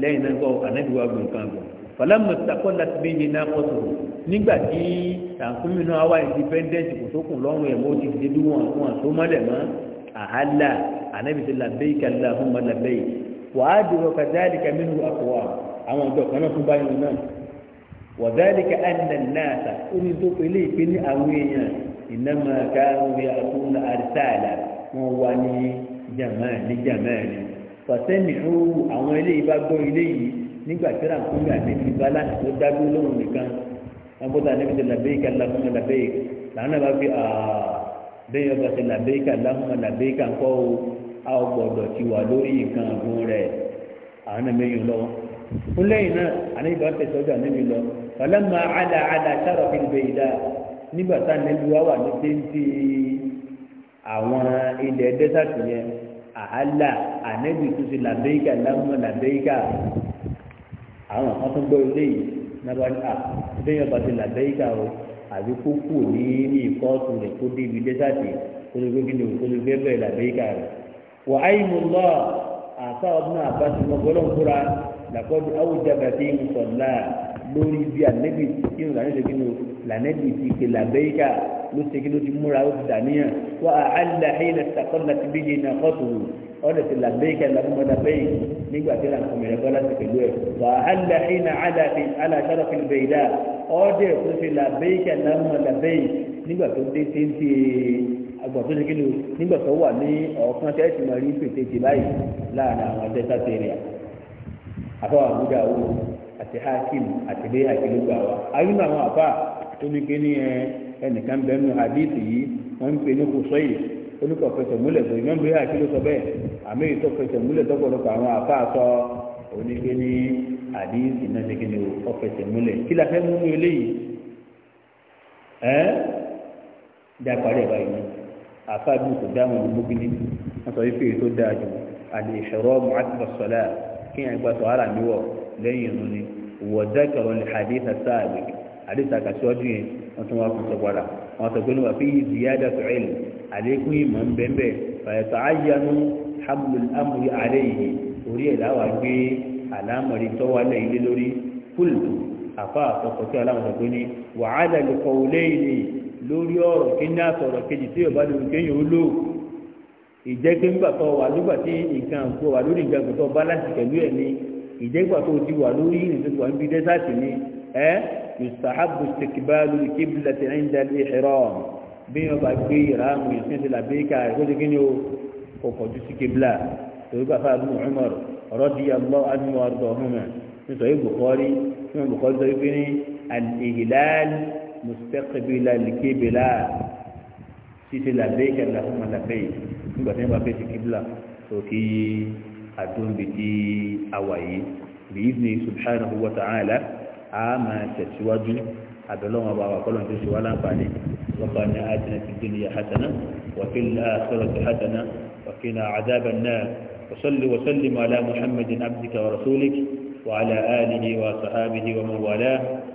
lẹ́yìn náà kọ́ ànábìwá gùn kan gùn fọlọ́mù takọ́ láti bí ní náà pọ̀tù nígbà tí tàǹkúmí náà wá independent kò tó lọ́rùn ẹ̀ mọ́ ti di bí wọ́n tó mọ́lẹ̀ mọ́ àhálà anabi ti labẹ́yì kàlá fún ma labẹ́yì wàá dùrọ̀ ka dáàlì ka mínú àkùwà àwọn ọ̀dọ́ kan náà tún bá yín náà wà dáàlì ka ànà náà ta ó ní tó pélé ìpé ní àwọn ya tó ń wọn wá ní jàmá ní jàmá ni fàtẹ́mi ó àwọn eléyìí bá gbọ́ eléyìí nígbà tí ra nkúmi àtẹ̀tì bala tó dágbó lóhùn nìkan wọn anabi ti labẹ́yì kàlá fún ma labẹ́yì làwọn náà bá fi bẹ́ẹ̀ ti labẹ́yì kàlá fún ma labẹ́yì kàńkọ́ o a ò gbọdọ̀ ti wà lórí nǹkan ọ̀gbun rẹ̀ àwọn ẹ̀mẹ́yìn lọ́wọ́ fún lẹ́yìn náà àníbà tẹ̀sọ́jà níbi lọ fàlẹ́mà àdà àdà sárọ̀ fi gbé ìdá nígbà tá níbi wá wà ní téńté àwọn ilẹ̀ dẹ́sàtì yẹn àhálà ànẹ́bì tó ti làbẹ́yìká lámọ́ làbẹ́yìká àwọn kan tó gbọ́ ilé yìí náà bá bẹ́yìn ọba ti làbẹ́yìká o àbí kó kù ní ní ìkọ́ọ̀tù rẹ̀ kó débi dẹ́sàtì kó ló gbé kí ni kó ló gbé bẹ́ẹ̀ làbẹ́yìká rẹ̀ wà á yìí mú lọ àfa ọdún àbáṣe mọ́gbọ́lọ́n kúra làkọ́jú awùjá bàtí mùsọ̀lá lórí bí ànẹ́bì tí ń lànà ìṣèkí ni lànẹ́bì ti pè làbẹ́yíkà ló ti ṣèkí ló ti múra ó ti dàníyàn wà á àlà ẹ̀yìn ṣàkọ́lá ti bí yìí náà kọ́tù ọ̀rẹ́ ti làbẹ́yíkà làbúmọ́ nígbà tí làǹkọ̀mẹ̀rẹ̀ bọ́lá ti pẹ̀lú ẹ̀ wà á àlà ẹ̀yìn àlàṣàrọ̀ fìlbẹ̀yìdá ọ̀dẹ̀ tó ṣe làbẹ́yíkà làbúmọ́ nígbà tó dé téńté àgbà tó ṣe ni o nígbà tó wà ní ọ̀kan tẹ́sí máa rí pètèjì báyìí láàrin àwọn tẹ́sà tẹ̀rẹ̀ àfọwọ́ àbúdá owó àti hakim àti ilé àkìlógbà wa ayúnú àwọn àfà tó ní kí ni ẹnìkan bẹ́ẹ̀ nù àdéhìí yìí wọ́n ń pè ní kò sọ́yìí oníkọ̀ fẹsẹ̀ múlẹ̀ bò ìmọ̀ bóyá àkìló sọ bẹ́ẹ̀ àmì ìtọ́ fẹsẹ̀ múlẹ̀ tọ́pọ̀lọpọ̀ àwọn àfà sọ oníke ní náà ṣe kí ni ó fẹsẹ̀ múlẹ̀ kí la fẹ́ mú ní eléyìí ẹ́ dá parí báyìí náà àfáàbí kò dáhùn ní mọ́gílì wọ́n sọ wípé tó dáa jù àlè ìṣòro ọmọ àtìkọ sọlá kí ẹ̀ gba sọ̀hárà níwọ̀ lẹ́yìn inú ni wọ̀dákẹ̀rọ ní hadith sáàbì hadith àkàṣọ́jú yẹn wọ́n tún wá fún sọ padà wọ́n sọ pé ní wà fi yí ziyada fìcìlì àlékún ìmọ̀ ń bẹ́ẹ̀ fàyẹ̀tọ̀ ayanu hamlul amri àlẹ́ yìí orí ẹ̀ láwà gbé àlámọ̀rí tọ́wọ́ alẹ́ ilé lórí kúlù àfa àtọkọ̀tì aláwọ̀ sọ pé wàhálà lè kọ́ wọlé lórí ọ̀rọ̀ kéńdé àtọ̀rọ̀ kejì tí yorùbá lórí kéyìn ó lò ìjẹ́ pé nígbà tó wà nígbà tí nǹkan àgbo wà lórí nǹkan àgùntàn báláǹsì pẹ̀lú ẹ̀ ni ìjẹ́ nígbà tó ti wà lórí ìrìnsẹ̀ wà níbi dẹ́sàtì ni ẹ́ yusahabu sekiba lórí kébìlà ti ń dalẹ̀ ẹ̀rọ bí wọn bá gbé ìrààmù ìsìnkú làbẹ́ríkà ìkọ́jú kí o kò kọjú sí mustaqbila al-qibla títí làbẹ́ẹ̀kì aláhùnmá làbẹ́ẹ̀ nígbà tí wọ́n bá fẹ́ ti kíbla tó kí adóńbi tí a wà yìí bíi ní subhanahu wa ta'ala a máa tẹ̀síwájú àbẹ̀lọ́wọ́n bá wà kọ́lọ̀ tó ṣe wá láǹfààní وقنا آتنا في الدنيا حسنة وفي الآخرة حسنة وقنا عذاب النار وصل وسلم على محمد عبدك ورسولك وعلى آله وصحابه ومن والاه